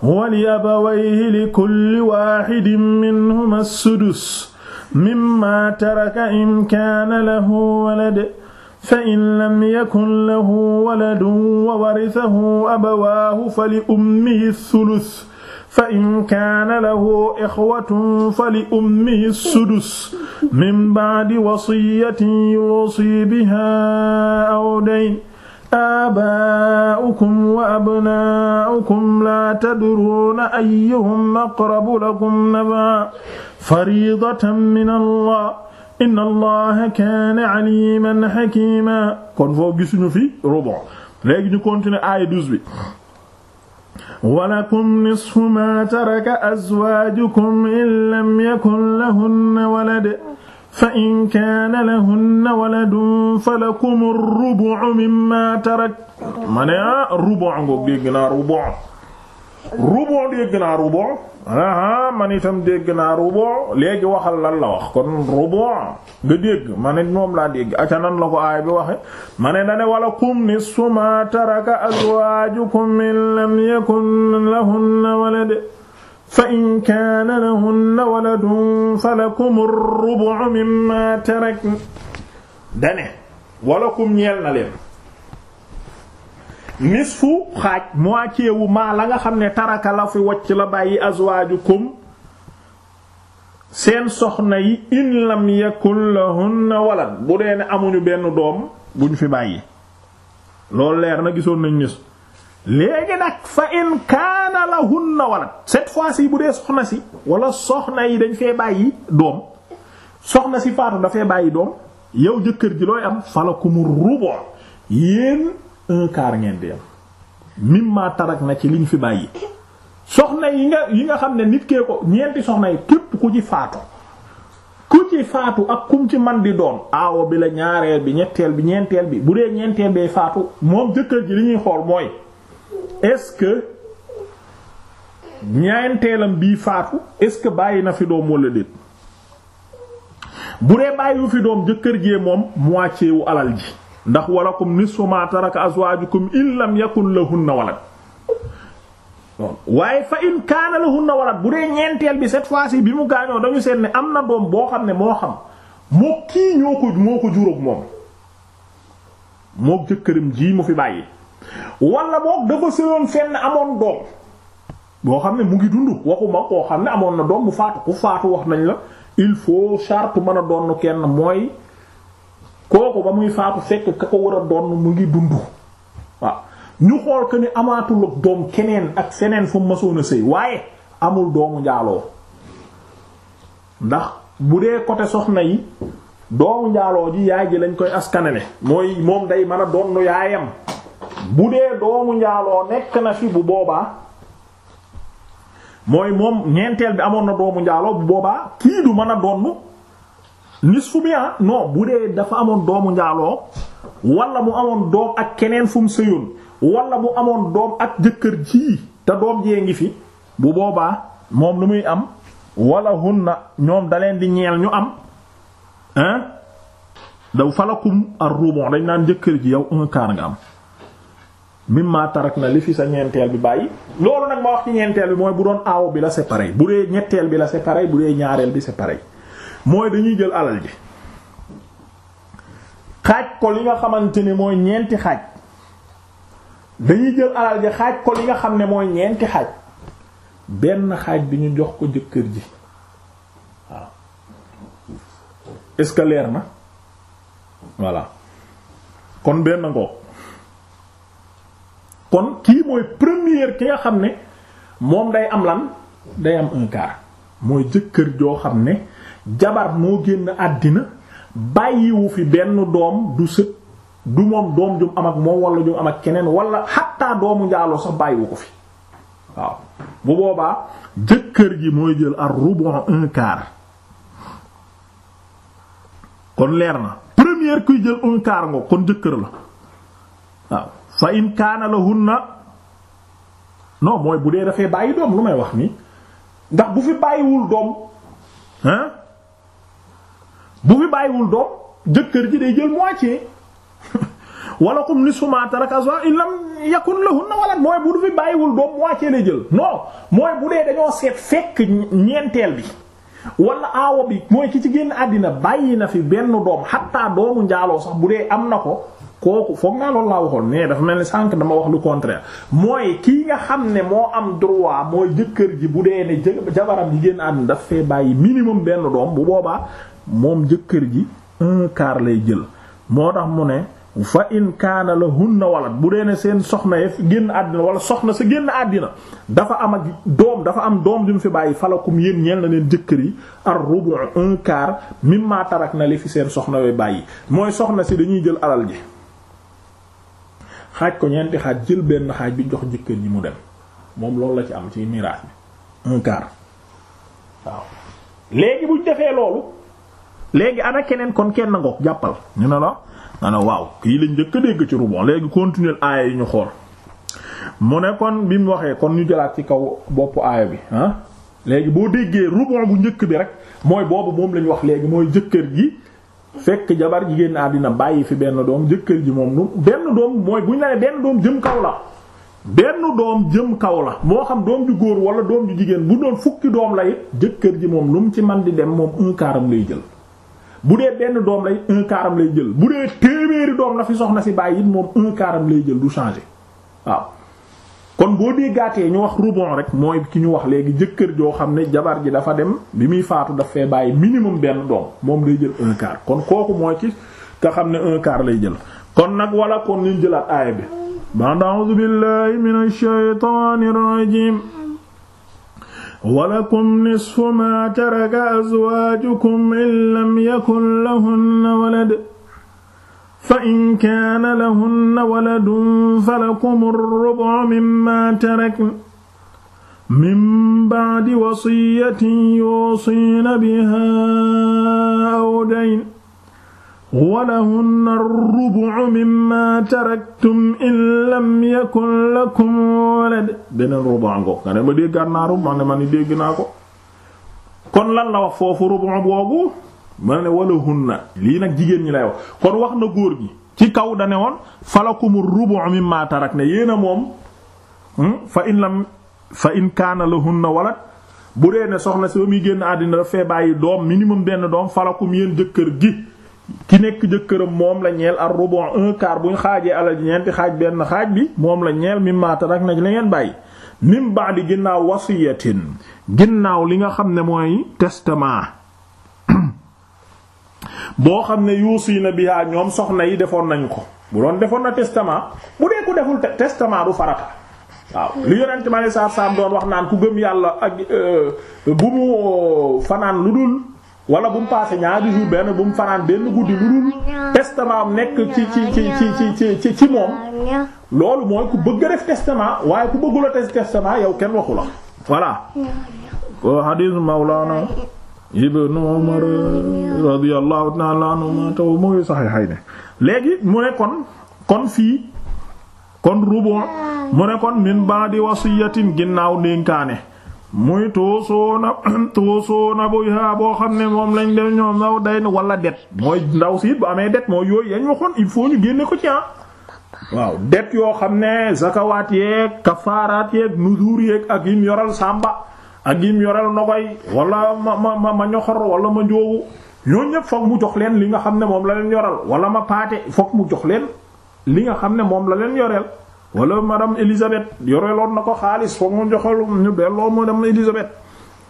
wali abawayhi li kulli waahidin minhumaa as-sudus mimmaa taraka in kaana lahu walad fa in lam yakun lahu waladun wa warisahu abawaahu fali ummihi as-sulus fa in kaana lahu ixwatun fali ummihi as-sudus min ba'di wasiyyatin yuusi bihaa aw dayn آباؤكم وأبناؤكم لا تدرون أيهم أقرب لكم نفعا فريضة من الله إن الله كان عليما حكيما kon foo gisuñu fi rubu léegi ñu continuer aaya douze bi ولكم نصف ما ترك أزواجكم إن لم يكن لهن ولد fa in kaana lahunna waladun falakum rubu'u mimma tarak ma ne ah rubu' ngoog dégg naa rubu' rubu' dégg naa rubu' ah man itam dégg naa rubu' léegi waxal lan la wax kon rubu' nga dégg ma ne moom laa dégg aca nan la ko aay bi waxe ma ne dane walakum nisfu ma taraka azwajukum in lam yakun lahunna walad fa in kaana lahunna waladun falakum ar-rubu' mimma tarak dane walakum ñeel na leen nisfu xaaj moitié wu maa la nga xam ne taraka la fi wacc la bàyyi azwaajukum seen soxna yi in lam yakun lahunna walad bu dee ne amuñu benn doom buñ fi bàyyi loolu leer na gisoon nañ nisfu léegi nag fa in kaana lahunna walad cette fois-ci bu dee soxna si wala soxna yi dañ fee bàyyi doom soxna si faatu dafee bàyyi doom yow jëkkër ji looy am falakumu rubu yéen un quart ngeen di am mimma na ci liñ fi bàyyi soxna yi nga yi nga xam ne nit kee ko ñeenti soxna yi képp ku ci faatu ku ci faatu ak kum ci man di doom aawo bi la ñaareel bi ñetteel bi ñeenteel bi bu dee ñeenteel bee faatu moom jëkkër ji li ñuy xool mooy est-ce que ñeenteelam bii faatu est-ce que bàyyi na fi doom wala déet bu dee bàyyi wu fi doom jëkkër jee moom moitié wu alal ji ndax walakum nisfu ma taraka azwajukum in lam yakun lahunna walad waaye fa in kaana lahunna walad bu dee ñeenteel bi cette fois-ci bi mu gaañoo dañu seet ne am na doom boo xam ne moo xam moo kii ñoo ko moo ko juróom moom moo jëkkëram ji mu fi bàyyi wala boog dafa sëyoon fenn amoon doom boo xam ne mu ngi dund waxuma koo xam ne amoon na doom bu faatu ku faatu wax nañ la il faut charte mën a doon kenn mooy kooku ba muy faatu fekk ka ko war a doon mu ngi dund waaw ñu xool que ni amaatul ak doom keneen ak feneen fu masoon a sëy waaye amul doomu njaaloo ndax bu dee côté soxna yi doomu njaaloo ji yaay ji lañ koy askanale mooy moom day mën a doon yaayam bu dee doomu njaaloo nekk na fi bu boobaa mooy moom ñeenteel bi amoon na doomu njaaloo bu boobaa kii du mën a donn nisfu bi ah bu dee dafa amoon doomu njaaloo walla mu amoon doom ak keneen fu mu sëyoon mu amoon doom ak jëkkër ji te doom jee ngi fi bu boobaa moom lu muy am wala hunna ñoom da leen di ñeel ñu am hein daw falakum a rubu dañ naan jëkkër ji yow un quart nga am mimma tarak na li fi sa ñeenteel bi bàyyi loolu nag ma wax ci ñeenteel bi mooy bu doon aaw bi la c'est pareil bu dee ñetteel bi la c'est pareil bu dee ñaareel bi c'est pareil mooy dañuy jël alal ji xaaj ko li nga xamante ni mooy ñeenti xaaj dañuy jël alal ji xaaj ko li nga xam ne mooy ñeenti xaaj benn xaaj bi ñu jox ko jëkkër ji waaw est-ce que leer na voilà kon benn ngoo kon kii mooy première ki nga xam ne moom day am lan day am un mooy jëkkër joo xam ne jabar moo génn àddina bàyyiwu fi benn doom du sët du moom doom jum am ak moom wala jum am ak keneen walla xattaa doomu njaaloo sax bàyyiwu ko fi waaw bu boobaa jëkkër ji mooy jël ar rubu un kon leer na première kuy jël un nga kon jëkkër la waaw fa in kaana na non mooy bu dee dafay bàyyi doom lu may wax nii ndax bu fi bàyyiwul doom bu fi bàyyiwul doom jëkkër ji day jël moitié wala kum nisfu ma taraka azwa in lam yakun lahunna walad mooy bu du fi bàyyiwul doom wàccee lay jël non mooy bu dee dañoo seet fekk ñeenteel bi wala aawo bi mooy ki ci génn àddina bàyyi na fi benn doom xatta doomu njaaloo sax bu dee am na ko kooku foog naa loolu laa waxoon mais dafa mel ni sànq dama wax lu contraire mooy kii nga xam ne moo am droit mooy jëkkër ji bu dee ne jabaram ji génn daf fee bàyyi minimum benn doom bu boobaa moom jëkkër ji un lay jël moo mu ne fa in kaana la hunna walad bu dee seen soxna génn àddina wala soxna sa génn àddina dafa am ak doom dafa am doom jum mu fi bàyyi falakum yéen ñeel la leen jëkkër yi ar rubu' un quart mimma na li fi seen soxna yooyu bàyyi mooy soxna si dañuy jël alal ji xaaj ko ñeenti xaaj jël benn xaaj bi jox jëkkër ji mu dem moom loolu la ci am ci miraas bi un quart waaw léegi buñ defee loolu léegi an ana keneen kon kenn ngoog jàppal ñu ne la nga ne waaw kii lañ njëkk a dégg ci ruban léegi continuer aaya yi ñu xool mu ne kon bi mu waxee kon ñu jolaat ci kaw boppu aaya bi ah léegi boo déggee ruban bu njëkk bi rek mooy boobu moom lañ wax léegi mooy jëkkër gi fekk jabar ji génn àddina bàyyi fi benn doom jëkkër ji moom lu benn doom mooy bu ñu la benn doom jëm kaw la benn doom jëm kaw la moo xam doom ju góor wala doom ju jigéen bu doon fukki doom la it jëkkër ji moom lu mu ci man di dem moom un quart lay jël bu dee benn doom lay un quart lay jël bu dee téeméeri doom la fi soxna si bàyyi it moom un quart lay jël du changer waaw kon boo déggaatee ñu wax rubon rek mooy ki ñu wax léegi jëkkër joo xam ne jabar ji dafa dem bi muy faatu daf bàyyi minimum benn doom moom day jël un kon kooku mooy ci nga xam ne un lay jël kon nag wala kon ñu jëlaat aaya bi ba'da a'uuzu billahi minash shaytaanir rajiim walakum nisfu ma taraka azwaajukum in lam yakun lahunna walad fa in kaana lahunna waladun falakum ar-rubu' mimma tarakna min ba'di wasiyatin yusiina bihaa aw dayn walahunna ar-rubu' mimma taraktum in lam yakun lakum walad beneen rubu' ngo nga ne ma dégg naa rubu' ne ma ni dégg naa ko kon lan la wax foofu rubu' boobu mu ne wala hunna lii nag jigéen ñi lay wax kon wax na góor gi ci kaw da ne woon falakumu rubu mimma tarak ne yéen a moom hmm, fa in lam fa in kaana lahunna walad bu dee ne soxna si ba muy génn àddina daf fee bàyyi doom minimum benn doom falakum yéen jëkkër gi ki nekk jëkkëram moom la ñeel ar rubu un quart buñ xaajee alal ji ñeenti xaaj benn xaaj bi moom la ñeel mimma tarak na la ngeen bàyyi min ba'di ginnaaw wasiyatin ginnaaw li nga xam ne mooy testament boo xam ne yuusi na biha ñoom soxna yi defoon nañu ko bu doon defoon na testament bu dee ku deful testament du farata waaw li yonent ma ne saa saam doon wax naan ku gëm yàlla ak euh, bu mu euh, fanaan lu dul wala bu mu passé ñaari jour benn bu mu fanaan benn guddi lu dul testament nekk ci ci ci ci ci ci ci moom loolu mooy ku bëgg a def testament waaye ku bëggula testament yow kenn waxu la voilà. ko hadith Mawlana ibn Umar radiyallahu ta'ala anhuma taw mu ngi saxiixay ne léegi mu ne kon kon fii kon rubon mu ne kon min ba'di wasiyatin ginnaaw ndénkaane muy toosoona toosoona bu yaa boo xam ne moom lañ dem ñoom ndaw day walla wala det mooy ndaw si bu amee det mooy yooyu yañ waxoon il faut ñu génne ko ci ah waaw det yoo xam ne zakawaat yeeg kafaaraat yeeg nuzuur yeeg ak yim yoral sàmba ak yim yoreel nogoy wala ma ma ma ñoxor wala ma njoowu ñoo ñëpp foog mu jox leen li nga xam ne moom la leen yoreel wala ma paate foog mu jox leen li nga xam ne moom la leen yoreel wala madame Elisabeth yoreeloon na ko xaalis foog mu joxal ñu delloo madame Elisabeth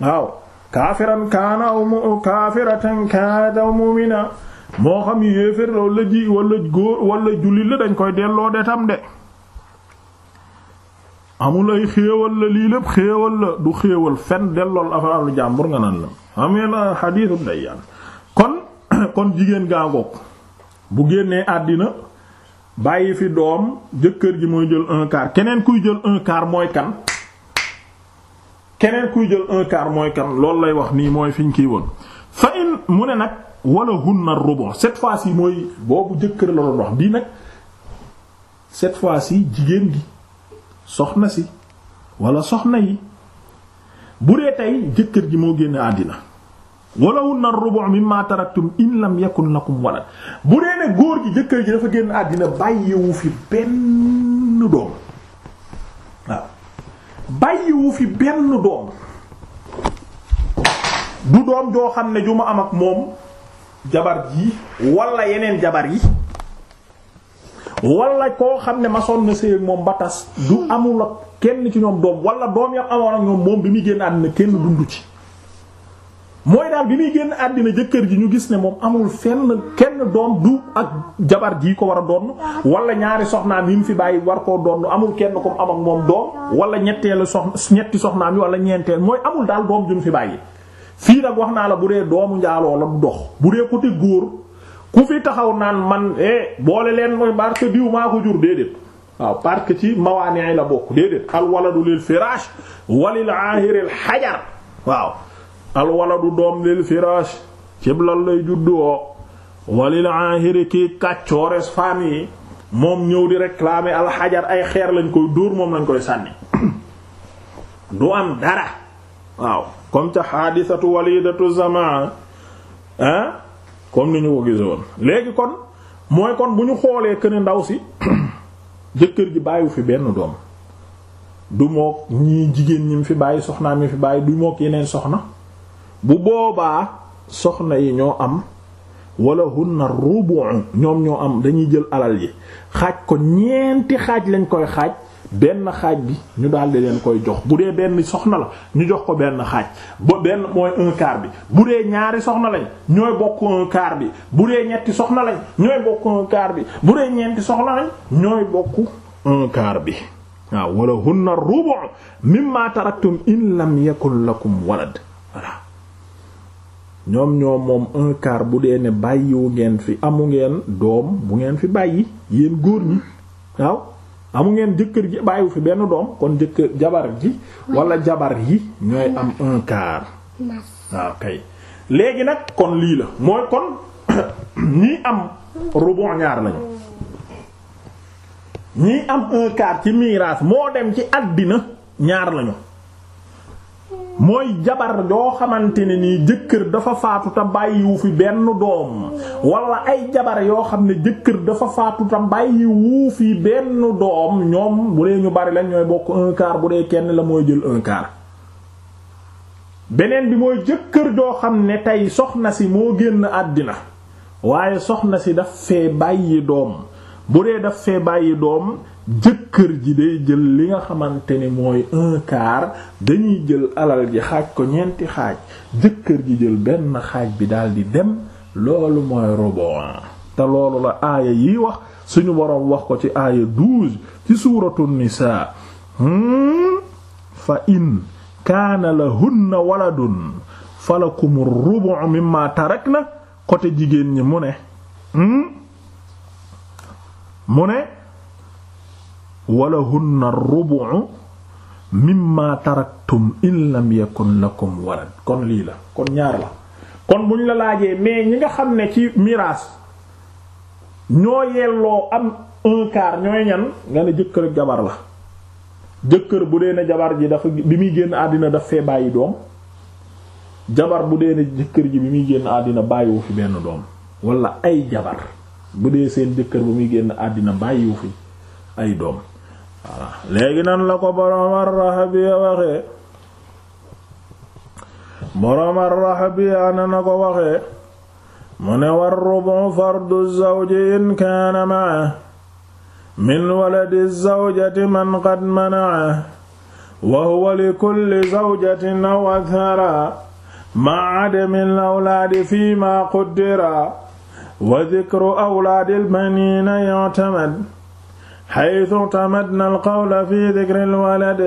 waaw kaafiran kaana aw mu kaafiratan kaanat aw moo xam yéeféer loolu la ji wala góor wala julli la dañ koy delloo de tam de amul ay xéewal la lii lépp xéewal la du xéewal fen dellool affaire lu jàmbur nga naan la xam ngeen la xadiisu dayyaan kon kon jigéen gaa ngoog bu génnee àddina bàyyi fi doom jëkkër gi mooy jël un quart keneen kuy jël un quart mooy kan keneen kuy jël un mooy loolu lay wax nii mooy fiñ ki woon fa in mu ne nag wala hunna rubu cette fois yi mooy boobu jëkkër la doon bii nag set fois-ci jigéen gi soxna si wala soxna yi bu dee tey jëkkër ji moo génn àddina walawun na rubu' mimma taraktum in lam yakun lakum bu dee ne góor gi jëkkër ji dafa génn àddina bàyyiwu fi benn doom waaw bàyyiwu fi benn doom du doom joo xam ne ju ma am ak moom jabar ji wala yeneen jabar yi wala koo xam ne masoon na sëy moom ba tas du hmm. amul ak kenn ci ñoom doom wala doom yam amoon ak ñoom moom bi muy génn àddina kenn dund ci mooy daal bi muy génn àddina jëkkër ji ñu gis ne moom amul fenn kenn doom du ak jabar ji ko war a doon wala ñaari soxnaam yi mu fi bàyyi war koo doon amul kenn comme am moom doom wala ñetteelu soxna ñetti soxnaam yi wala ñeenteel mooy amul daal doom ju mu fi bàyyi fii nag wax naa la bu dee doomu njaaloo la du dox bu dee côté góor ku fi taxaw naan man eh, boole leen mooy parce que diw maa ko jur déedéet waaw parce ci mawaani la bokk déedéet al waladu lil firaash walil aahiril xajar waaw al waladu doom lil firaash cib lal lay juddoo walil aahiri kii kàccoores femme yi moom ñëw di réclamer xajar ay xeer lañ koy dóor moom lañ koy sànni du am dara waaw comme ca xaadisatu walidatu zamaa ah comme ni ñu ko gisoon léegi kon mooy kon bu ñu xoolee que ndaw si jëkkër ji bàyyiwu fi benn doom du mook ñii jigéen ñi mu fi bàyyi soxnaa mi fi bàyyi du mook yeneen soxna bu boobaa soxna yi ñoo am wala hunna rubu ñoom ñoo am dañuy jël alal yi xaaj ko ñeenti xaaj lañ koy xaaj benn xaaj bi ñu daldi leen koy jox bu dee benn soxna la ñu jox ko benn xaaj bo benn mooy un bi bu dee ñaari soxna lañ ñooy bokk un bi bu dee ñetti soxna lañ ñooy bokk un bi bu dee ñeenti soxna lañ bokk un bi waaw wala hunna rubu' mimma taraktum in lam yakul lakum walad voilà ñoom ñoom moom un bu dee ne bàyyiwu ngeen fi amu ngeen doom bu ngeen fi bàyyi yéen góor ñi waaw amu ngeen jëkkër ji bàyyiwu fi benn doom kon jëkkër jabar ji wala jabar yi ñooy am un quart waaw ah, kay léegi nag kon lii la mooy kon ñii am rubu' ñaar lañu ñii am un quart ci miraas moo dem ci àddina ñaar lañu mooy jabar joo xamante ne nii jëkkër dafa faatu te bàyyiwu fi benn doom walla ay jabar yoo xam ne jëkkër dafa faatu te bàyyiwu fi benn doom ñoom bu dee ñu bari lañ ñooy bokk un bu dee kenn la mooy jël un beneen bi mooy jëkkër joo xam ne tey soxna si moo génn àddina waaye soxna si daf fee bàyyi doom bu dee daf fee bàyyi doom jëkkër ji day jël li nga xamante ni mooy un dañuy jël alal ji xaaj ko ñeenti xaaj jëkkër ji jël benn xaaj bi daldi dem loolu mooy rubu'a te loolu la aaya yi wax suñu boroom wax ko ci aaya douze ci suuratu nisaa hmm? fa in kaana lahunna waladun falakum rubu'u mimma tarakna côté jigéen ñi mu ne hmm? mu ne walahunna rubu'u mimma taraktum in lam yakun lakum walad kon lii la kon ñaar la kon bu ñu la laajee mais ñi nga xam ne ci miraas ñoo yelloo am un quart ñooy ñan nga ne jëkkër jabar la jëkkër bu dee ne jabar ji dafa bi muy génn àddina daf fee bàyyi doom jabar bu dee ne jëkkër ji bi muy génn àddina bàyyiwu fi benn doom wala ay jabar bu dee seen jëkkër bu muy génn àddina bàyyiwu fi ay doom voilà léegi nan la ko boroom ar-Rahbiya waxee boroom ar-Rahbiya na na ko waxee mu ne war-rubu fardu zawji in kaana ma'a min waladi zawjati man qad mana'a wa huwa li kulli zawjatin aw akthara ma'a adami al-awlaadi fiimaa quddira wa dhikru awlaadi al-baniina yu'tamad xaytu tamadna al qawla fi dhikril walad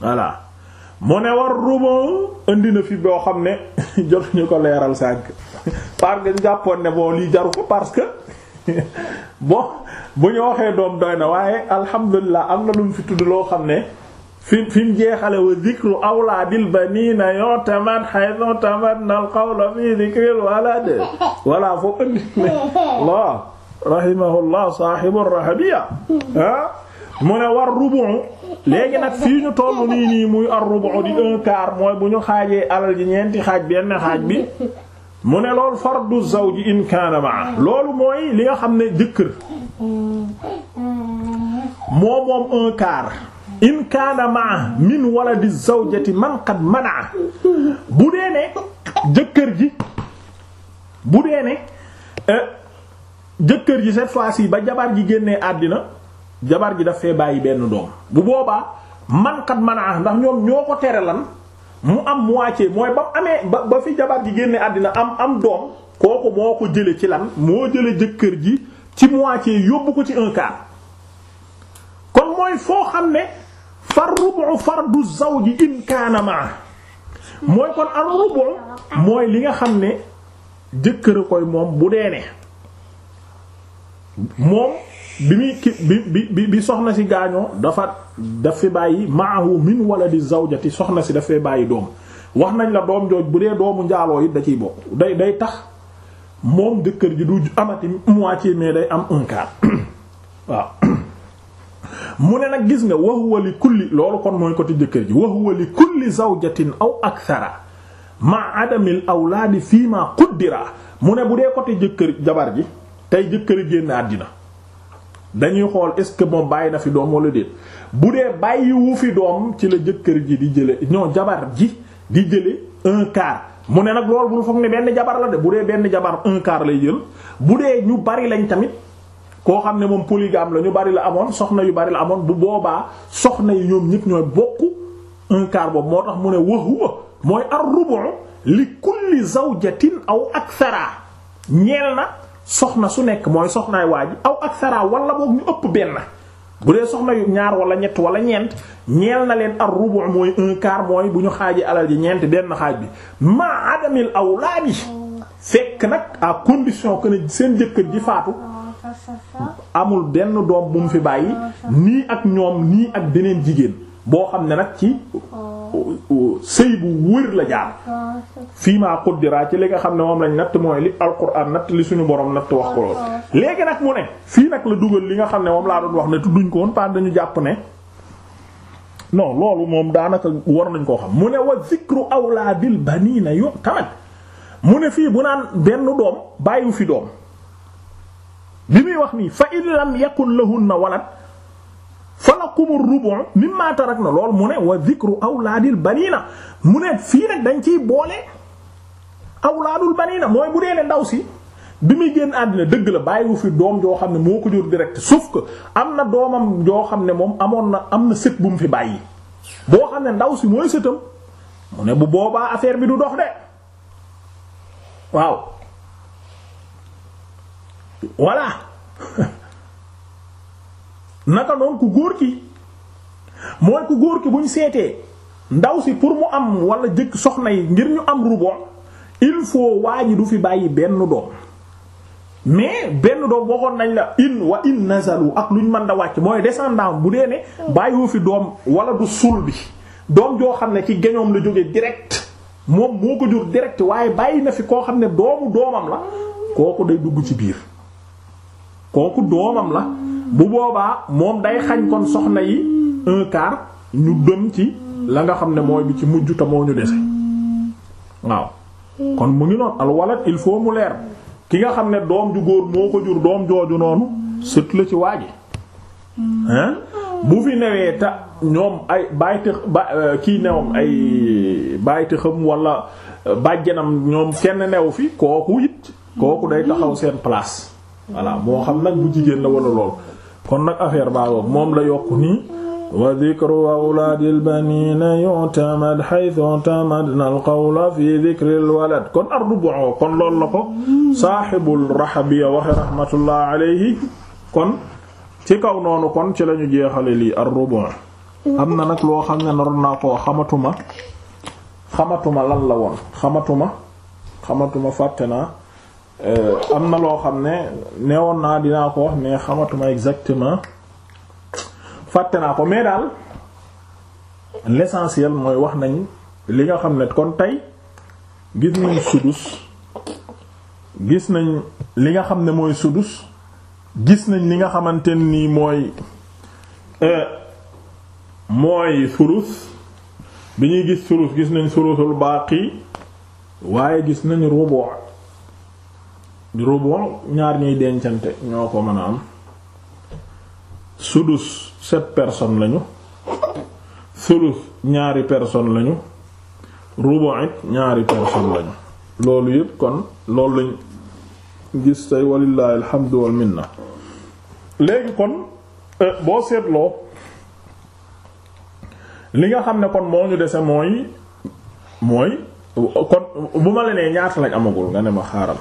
voilà mu ne war rubu indi na fi boo xam ne jotuñu ko leeral sànk parce que jàppoon ne boo lii jaru ko parce que bu ñu waxee doom doy na waaye alhamdulilah am na lu mu fi loo xam ne fi fi mu jeexale wa dhikru awlaadil baniina yu'tamad haythu tamadna al qawla fi dhikril walad voilà foofu indi ne rahimahullah saahibu rahabiya ah, mu ne war rubu léegi nag fii ñu toll nii nii muy ar rubu di un quart mooy bu ñu xaajee alal ji ñeenti xaaj benn xaaj bi mu ne loolu fardu zawji in kaana maa loolu mooy li nga xam ne jëkkër moo moom un quart in kaana maa min waladi zawjati man qad manaa bu dee ne jëkkër ji bu dee ne eh, jëkkër ji set fois-ci ba jabar ji génnee àddina jabar ji daf fee bàyyi benn doom bu boobaa man kat man a ndax ñoom ñoo ko tere lan mu am moitié mooy ba amee ba fi jabar ji génne àddina am am doom kooku moo ko jële ci lan moo jële jëkkër ji ci moitié yóbbu ko ci un kon mooy foo xam ne far rubu fardu mooy kon ar rubu mooy li nga xam ne jëkkër a koy moom bu dee ne moom bi muy ki bi bi bi soxna si gaañoo dafa daf fi bàyyi maahu min wala di zawjati soxna si dafay bàyyi doom wax nañ la doom jooj bu dee doomu njaaloo yi da ciy bokk day day tax moom jëkkër ji du amati moitié mais day am un mu ne nag gis nga wa huwa li kulli loolu kon mooy côté jëkkër ji wa li kulli zawjatin aw aksara ma adamil awlaadi fii ma quddira mu ne bu dee côté jëkkër jabar ji tey jëkkër a génn àddina dañuy xool est-ce que moom bàyyi na fi doom wala déet bu dee bàyyiwu fi doom ci la jëkkër ji di jële ñoo jabar ji di jële un mu ne nag loolu bul foog ne benn jabar la de bu dee benn jabar un lay jël bu dee ñu bari lañ tamit koo xam ne moom polygame la ñu bari la amoon soxna yu bari la amoon bu boobaa soxna yi ñoom ñépp ñooy bokk un quart moo tax mu ne wa huwa mooy ar-rubu' li kulli zawjatin aw akthara ñeel na soxna su nekk mooy soxnaay waa ji aw ak sara wala boog ñu ëpp benn bu dee soxna yu ñaar wala ñett wala ñeent ñeel na leen ar rubu mooy un quart mooy bu ñu xaajee alal ji ñeent benn xaaj bi ma adamil awlaad yi fekk nag à condition que ne seen jëkkër ji faatu amul benn doom bu mu fi bàyyi nii ak ñoom nii ak beneen jigéen boo xam ne nag ci sëy bu wër la jaar fii maa quddiraa ci li nga xam ne moom lañ natt mooy li alquran natt li suñu borom natt wax ko lool léegi nag mu ne fii nag la dugal li nga xam ne moom laa doon wax ne tudduñ ko woon par dañu jàpp ne non loolu moom daanaka war nañ koo xam mu ne wa zikru awlaadil na yo tamit mu ne fii bu naan benn doom bàyyiwu fi doom bi muy wax nii fa in lam yakun lahunna walad lakumur rubu' mimma tarakna lool mu ne wa dhikru awlaadil baniina mu ne fii nag dañ ciy boole awlaadul baniina mooy bu dee ne ndaw si bi muy génn àddina dëgg la bàyyiwu fi doom joo xam ne moo ko jur direct sauf que am na doomam joo xam ne moom amoon na am na sët bu mu fi bàyyi boo xam ne ndaw si mooy sëtam mu ne bu boobaa affaire bi du dox de waaw voilà naka noonu ku góor ki mooy ku góor ki ñu seetee ndaw si pour mu am wala jëkk soxna yi ngir ñu am rubo il faut waa ñi du fi bàyyi benn doom mais benn doom waxoon nañ la in wa in nazalu ak ñu mën da wàcc mooy descendant bu dee ne bàyyiwu fi doom wala du sul bi doom joo xam ne ci géñoom la jóge direct moom moo ko jur direct waaye bàyyi na fi koo xam ne doomu doomam la kooku day dugg ci biir kooku doomam la bu boobaa moom day xañ kon soxna yi un quart ñu dem ci la nga xam ne mooy bi ci mujj te moo ñu dese waaw kon mu ngi noonu alwalat il faut mu leer ki nga xam ne doom ju góor moo ko jur doom jooju noonu sët la ci waa ji bu fi newee ta ñoom ay bàyyite ba euh, kii newam ay bàyyite xam wala euh, bàjjanam ñoom kenn new fi kooku it kooku day taxaw seen place voilà moo xam nag bu jigéen la wala lool kon nag affaire baagoog moom la yokk nii wa dikru awlaadil baniina yu'tamad haythu i'tamadna al-qawla fi dikril walad kon ardu kon loolu la ko saahibul rahabiya waxe rahmatullah alayhi kon ci kaw noonu kon ci lañu jeexale lii ardu bu'u na nag loo xam ne naroon naa xamatuma xamatuma lan la woon xamatuma xamatuma fàtte naa Euh, am na loo xam ne neewoon naa dinaa ko wax mais xamatuma exactement fàtte naa ko mais daal l'essentiel mooy wax nañ li nga xam ne kon tey gis nañ sudus gis nañ li nga xam ne mooy sudus gis nañ li nga xamante nii mooy euh, mooy sulus bi ñuy gis sulus gis nañ sulusul baaqi waaye gis nañ rubu' rubon ñaar ñuy dencante ñoo ko mën a am sudus sept personnes lañu sulus ñaari personnes lañu rubon it ñaari personnes lañu loolu yëpp kon loolu lañ gis tey walillahi alhamdu wal minna léegi kon euh, boo seetloo li nga xam ne kon moo ñu dese mooy mooy kon bu ma la nee ñaata lañ amagul nga ne ma xaaral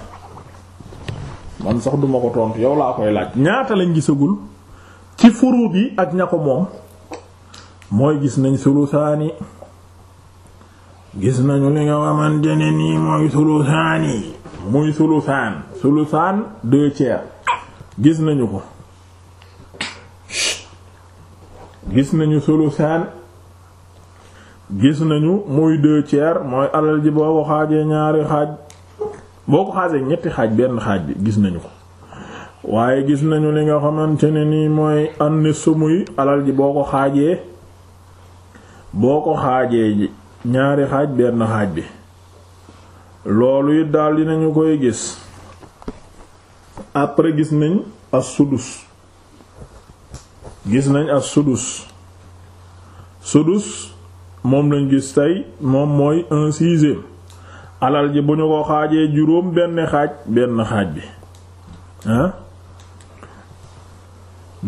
man sax duma ko tontu yow laa koy laaj ñaata lañ gisagul ci furu bi ak ña ko moom mooy gis nañ sulusaani gis nañu li nga xamante ne nii mooy sulusaani muy sulusaan sulusaan deux tiers gis nañu ko gis nañu sulusaan gis nañu muy deux tiers mooy alal ji boobu xaajee ñaari xaaj boo ko xaasee ñetti xaaj benn xaaj bi gis nañu ko waaye gis nañu li nga xamante ne nii mooy ànd sumuy alal ji boo ko xaajee boo ko xaajee ñaari xaaj benn xaaj bi loolu it daal nañu koy gis après gis nañ as sudus gis nañ as sudus sudus moom lañ gis tey moom mooy un alal ji bu ñu ko xaajee juróom benn xaaj benn xaaj bi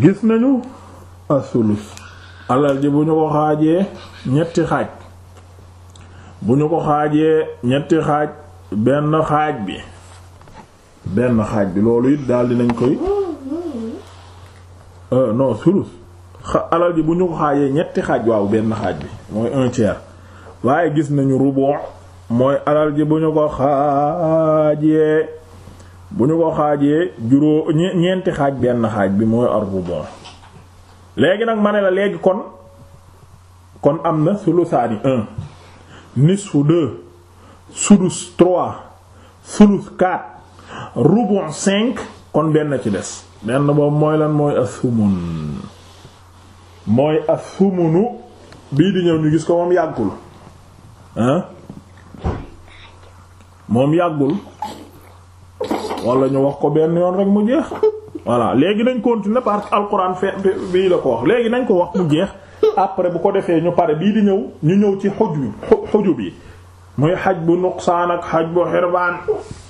gis nañu asulus alal ji bu ñu ko xaajee ñetti xaaj bu ñu ko xaajee ñetti xaaj benn xaaj bi benn xaaj bi loolu it daal dinañ koy euh non sulus alal ji bu ñu ko xaajee ñetti xaaj waaw benn xaaj bi mooy un tiers waaye gis nañu rubu' mooy alal ji bu ñu ko xaajee bu ñu ko xaajee juróo ñeenti xaaj benn xaaj bi mooy ar-rubu' léegi nag ma ne la léegi kon kon am na sulusaani un nisfu deux sudus trois sulus quatre rubu' cinq kon benn ci des benn boobu mooy lan mooy as-sumun mooy as-sumunu bii di ñëw ñu gis ko moom yàggul moom yàggul wala ñu wax ko benn yoon rek mu jeex voilà léegi nañ continuer parce que alxuraan fe bii la ko wax léegi nañ ko wax mu jeex après bu ko defee ñu pare bii di ñëw ñu ñëw ci xuj bi xujub yi muy xaj bu nuqsaan ak xaj bu xirbaan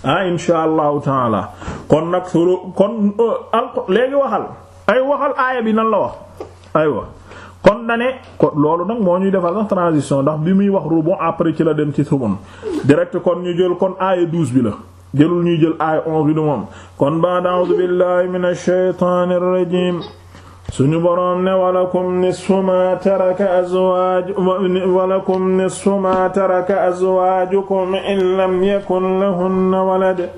ah insha allahu taala kon nag suru kon euh, léegi waxal ay waxal aaya bi nan la wax aywa kon na ne ko loolu nag moo ñuy defal sax transition ndax bi muy wax rubu après ci la dem ci subun direct kon ñu jël kon aaya 12 bi la jëlul ñuy jël aaya 11 bi du moom kon ba'd a'udhu billahi minash shaytanir rajim suñu boroom ne walakum nisfu ma taraka azwaaj walakum nisfu ma taraka azwaajukum in lam yakun lahunna walad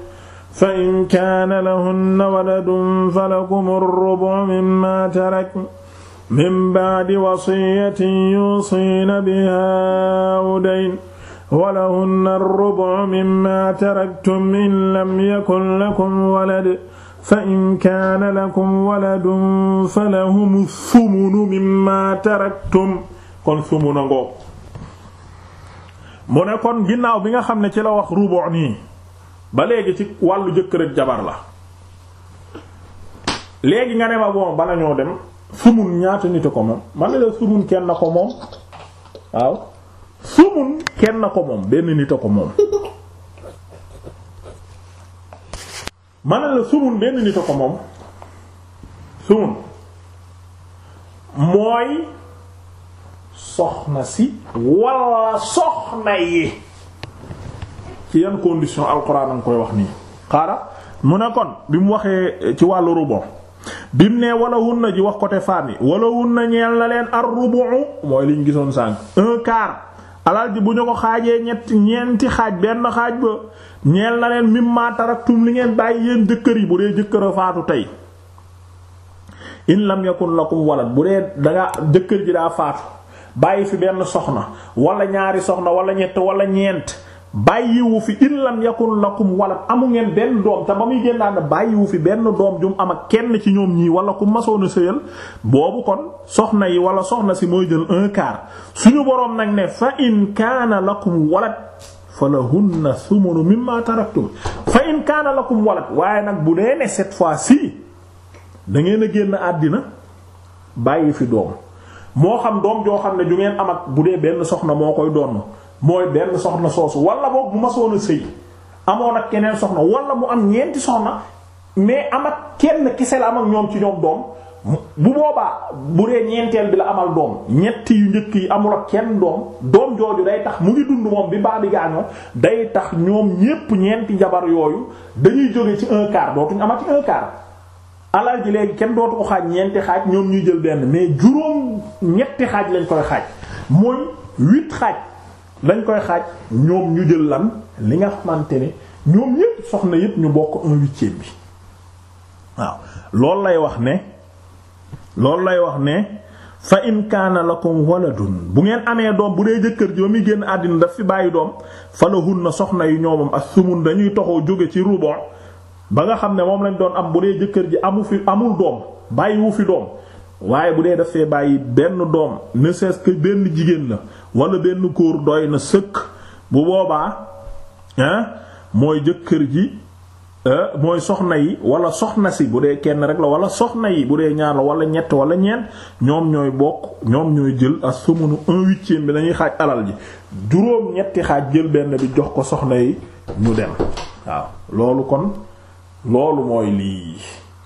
fa in kaana lahunna waladun falakum ar-rubu mimma tarak min ba'di wasiyatin yusiina bihaa aw dayn walahunna ar-rubu' mimmaa taraktum in lam yakun lakum walad fa in kaana lakum waladun falahum thumunu mimmaa taraktum kon thumun a ngoo mu ne kon ginnaaw bi nga xam ne ci la wax rubu' nii ba léegi ci wàllu jëkkër ak jabar la léegi nga ne ma bon bala ñoo dem sumun ñaata nit ko moom man ne la sumun kenn na ko moom waaw sumun kenn ko moom benn nit ko moom man ne la sumun benn nit ko moom sumun mooy soxna si walla soxna yi ci yan condition alxuraan nga koy wax nii xaaral mu ne kon bi mu waxee ci wàllu rubo bim ne wala hunna ji wax côté femme yi wala hunna ñeel na leen ar-rubu mooy liñ gisoon sànk un quart alal ji bu ñu ko xaajee ñetti ñeenti xaaj benn xaaj ba ñeel na leen mimma taraktum li ngeen bàyyi yéen jëkkër yi bu dee jëkkër a faatu tey in lam yakun lakum walad bu dee danga jëkkër ji daa faatu bàyyi fi benn soxna wala ñaari soxna wala ñett wala ñeent bàyyiwu fi in lam yakun lakum wala amu ngeen benn doom te ba muy génnaat na bàyyiwu fi benn doom jum am ak kenn ci ñoom ñii wala ku masoon a sëyal boobu kon soxna yi wala soxna si mooy jël un quart suñu boroom nag ne fa in kaana lakum walad falahunna thumunu mimma taraktum fa in kaana lakum walad waaye nag bu dee ne cette fois si da ngeen a génn àddina bàyyi fi doom moo xam doom joo xam ne ju ngeen am ak bu dee benn soxna moo koy doon. mooy benn soxna soosu walla boog ma soon a sëy amoon ak keneen soxna walla mu am ñeenti soxna mais am ak kenn kese la am ak ñoom ci ñoom doom bu boobaa bu dee ñeenteel bi la amal doom ñetti yu njëkk yi amul ak kenn doom doom jooju day tax mu ngi dund moom bi baa bi gaañoo day tax ñoom ñépp ñeenti jabar yooyu dañuy jóge ci un quart dootuñ amati un quart. alal ji léegi kenn dootu ko xaaj ñeenti xaaj ñoom ñuy jël benn mais juróom ñetti xaaj lañ koy xaaj mooy huit xaaj. dañ koy xaaj ñoom ñu jël lan li nga xamante ne ñoom ñépp soxna yépp ñu bokk un huitième bi waaw loolu lay wax ne loolu lay wax ne fa in kaana lakum waladun bu ngeen amee doom bu dee jëkkër ji ba muy génn àddina daf fi bàyyi doom fa na soxna yu ñoomam ak sumun dañuy toxoo jóge ci rubo ba nga xam ne moom lañ doon am bu dee jëkkër ji amu fi amul doom bàyyiwu fi doom waaye bu dee dafee bàyyi benn doom ne c'est benn jigéen la wala benn kóor doy na sëkk bu boobaa mooy jëkkër ji euh, mooy soxna yi wala soxna si bu dee kenn rek la wala soxna yi bu dee ñaar la wala ñett wala ñeent ñoom ñooy bokk ñoom ñooy jël ak sumunu un huitième bi lañuy xaaj alal ji juróom ñetti xaaj jël benn bi jox ko soxna yi ñu dem waaw loolu kon loolu mooy lii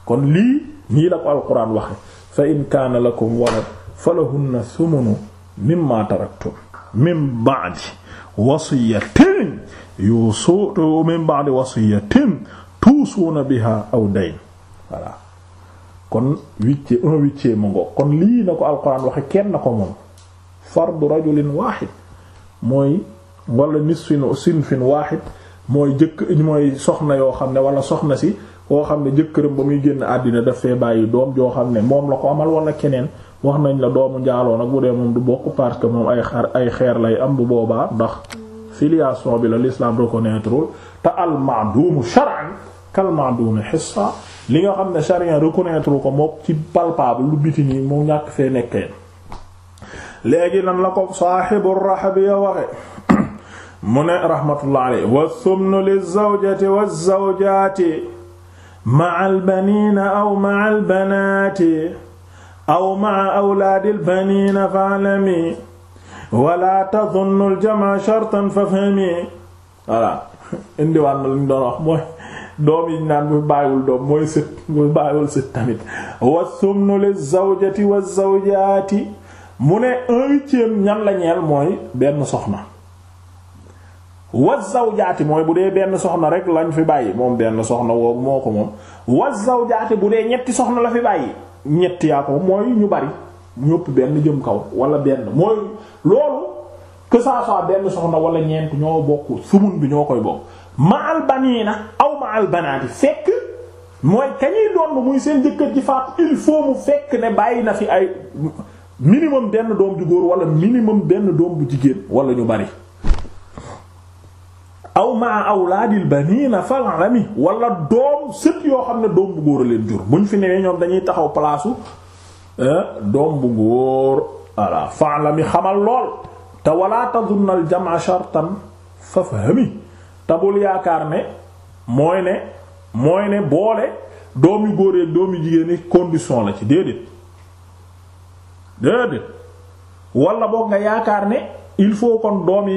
kon lii nii la ko alxuraan waxe fa in kaana lakum walad falahunna thumunu mimma taraktum min ba'di wasiyatin yuusu min ba'di wasiyatin tuusuuna biha aw dayn kon huitième un huitième mu ngo kon lii na ko alquran waxe kenn ko moom fardu rajulin waahid mooy wala nisfin sinfin waahid mooy jëkk mooy soxna yoo xam ne wala soxna si koo xam ne jëkkëram ba muy génn àddina daf fee bàyyi doom joo xam ne moom la ko amal wala keneen wax nañ la doomu njaaloo nag bu dee moom du bokk parce que moom ay xar ay xeer lay am bu boobaa ndax filiation bi la l'islam reconnaître te al ma'dum shar'an kal ma'dum li nga xam ne charia reconnaître ko moom ci palpable lu biti nii mu ñàkk fee nekkee léegi lan la ko saaxibu raxabi ya waxe mu ne rahmatullah alayhi wa li zawjati wa zawjati ma'al baniina aw ma'al banaati aw ma'a awlaadil baniina fa'lami wala tadunnu al-jam'a shartan fafhami voilà indiwaat na lu ñu doon wax mooy doom yi naan bu bàyyiwul doom mooy sët bu bàyyiwul sët tamit wa sumnu liz-zawjati waz-zawjaati mu ne un huitième ñan la ñeel mooy benn soxna wa zawjaati mooy bu dee benn soxna rek lañ fi bàyyi moom benn soxna woobu moo ko moom wa zawjaati bu dee ñetti soxna la fi bàyyi ñetti yaa ko mooy ñu bari ñëpp benn jëm kaw wala benn mooy loolu que benn soxna wala ñeent ñoo bokk sumun bi ñoo koy bokk ma al baniina aw ma al fekk mooy kañuy doon muy seen jëkkër ji faat il faut mu fekk ne bàyyi na fi ay minimum benn doom ju góor wala minimum benn doom bu jigéen wala ñu bari aw maa awlaadil baniina falami wala doom sët yoo xam ne doom bu góor a leen jur buñ fi newee ñoom dañuy taxaw palaasu eh, doom bu góor voilà falami xamal lool te wala na jamaa shartan fafhami tabul yaakaar ne mooy ne mooy ne boole doom yu góor doom yu jigéen condition la ci déedéet déedéet wala boog nga yaakaar ne. il faut kon doom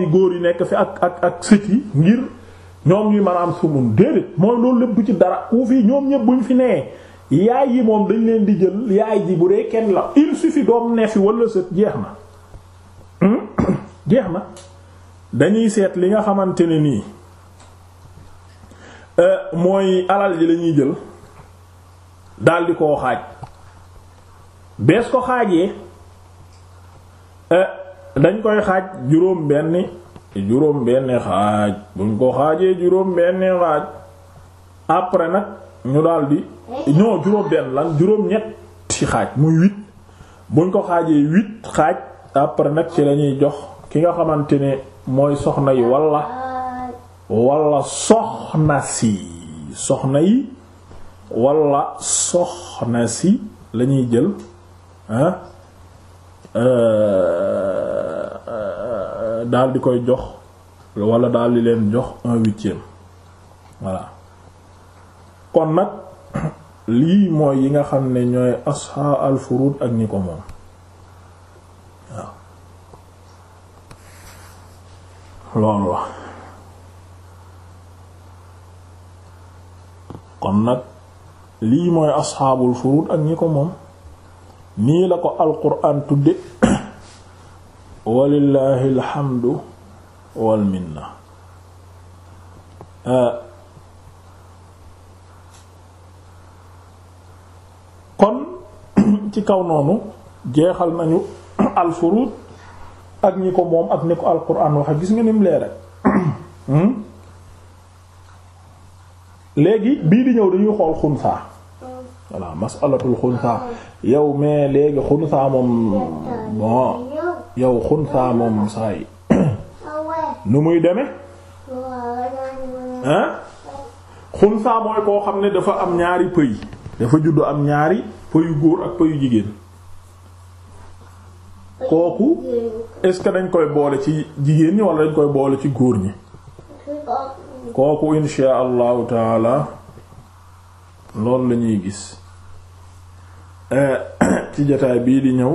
yi góor yi nekk fi ak ak ak sët ngir ñoom ñuy mën a am sumun déedéet mooy loolu lépp ci dara ku fi ñoom ñëpp fi nee yaay yi moom dañ leen di jël yaay ji bu dee kenn la il suffit doom ne fi wala sët jeex na hmm? jeex na dañuy seet li nga xamante ne nii euh, mooy alal ji lañuy jël daldi di koo xaaj bees ko xaajee. Euh, dañ koy xaaj juróom benni juróom benni xaaj buñ ko xaajee juróom benni xaaj après nag ñu daldi ñoo juróom benn lan juróom ñetti xaaj muy huit buñ ko xaajee huit xaaj après nag ci lañuy jox ki nga xamante ne mooy soxna yi walla walla soxna si soxna yi walla soxna si lañuy jël hein euh, daal di koy jox wala daal di leen jox un huitième voilà kon nag lii mooy yi nga xam ne ñooy ak ñi ko moom waaw loolu la nag lii ko moom nii la ko alquran tudde walillahi alhamdu wal ah. kon ci kaw noonu jeexal nañu alfuruut ak ñi ko moom ak ni ko alquran waxe gis nga nim leere hmm? léegi bii di ñëw dañuy xool xunsaa voilà masalatul xunsaa yow mais léegi xunsaa moom bon yow xuntaa moom saa yi nu muy deme xun xuntaa mooy koo xam ne dafa am ñaari pëy dafa juddu am ñaari pëyu góor ak pëyu jigéen kooku est-ce que dañ koy boole ci jigéen ñi walla dañ koy boole ci góor ñi kooku insha allahu taala loolu la gis eh, ci jotaay bii di ñëw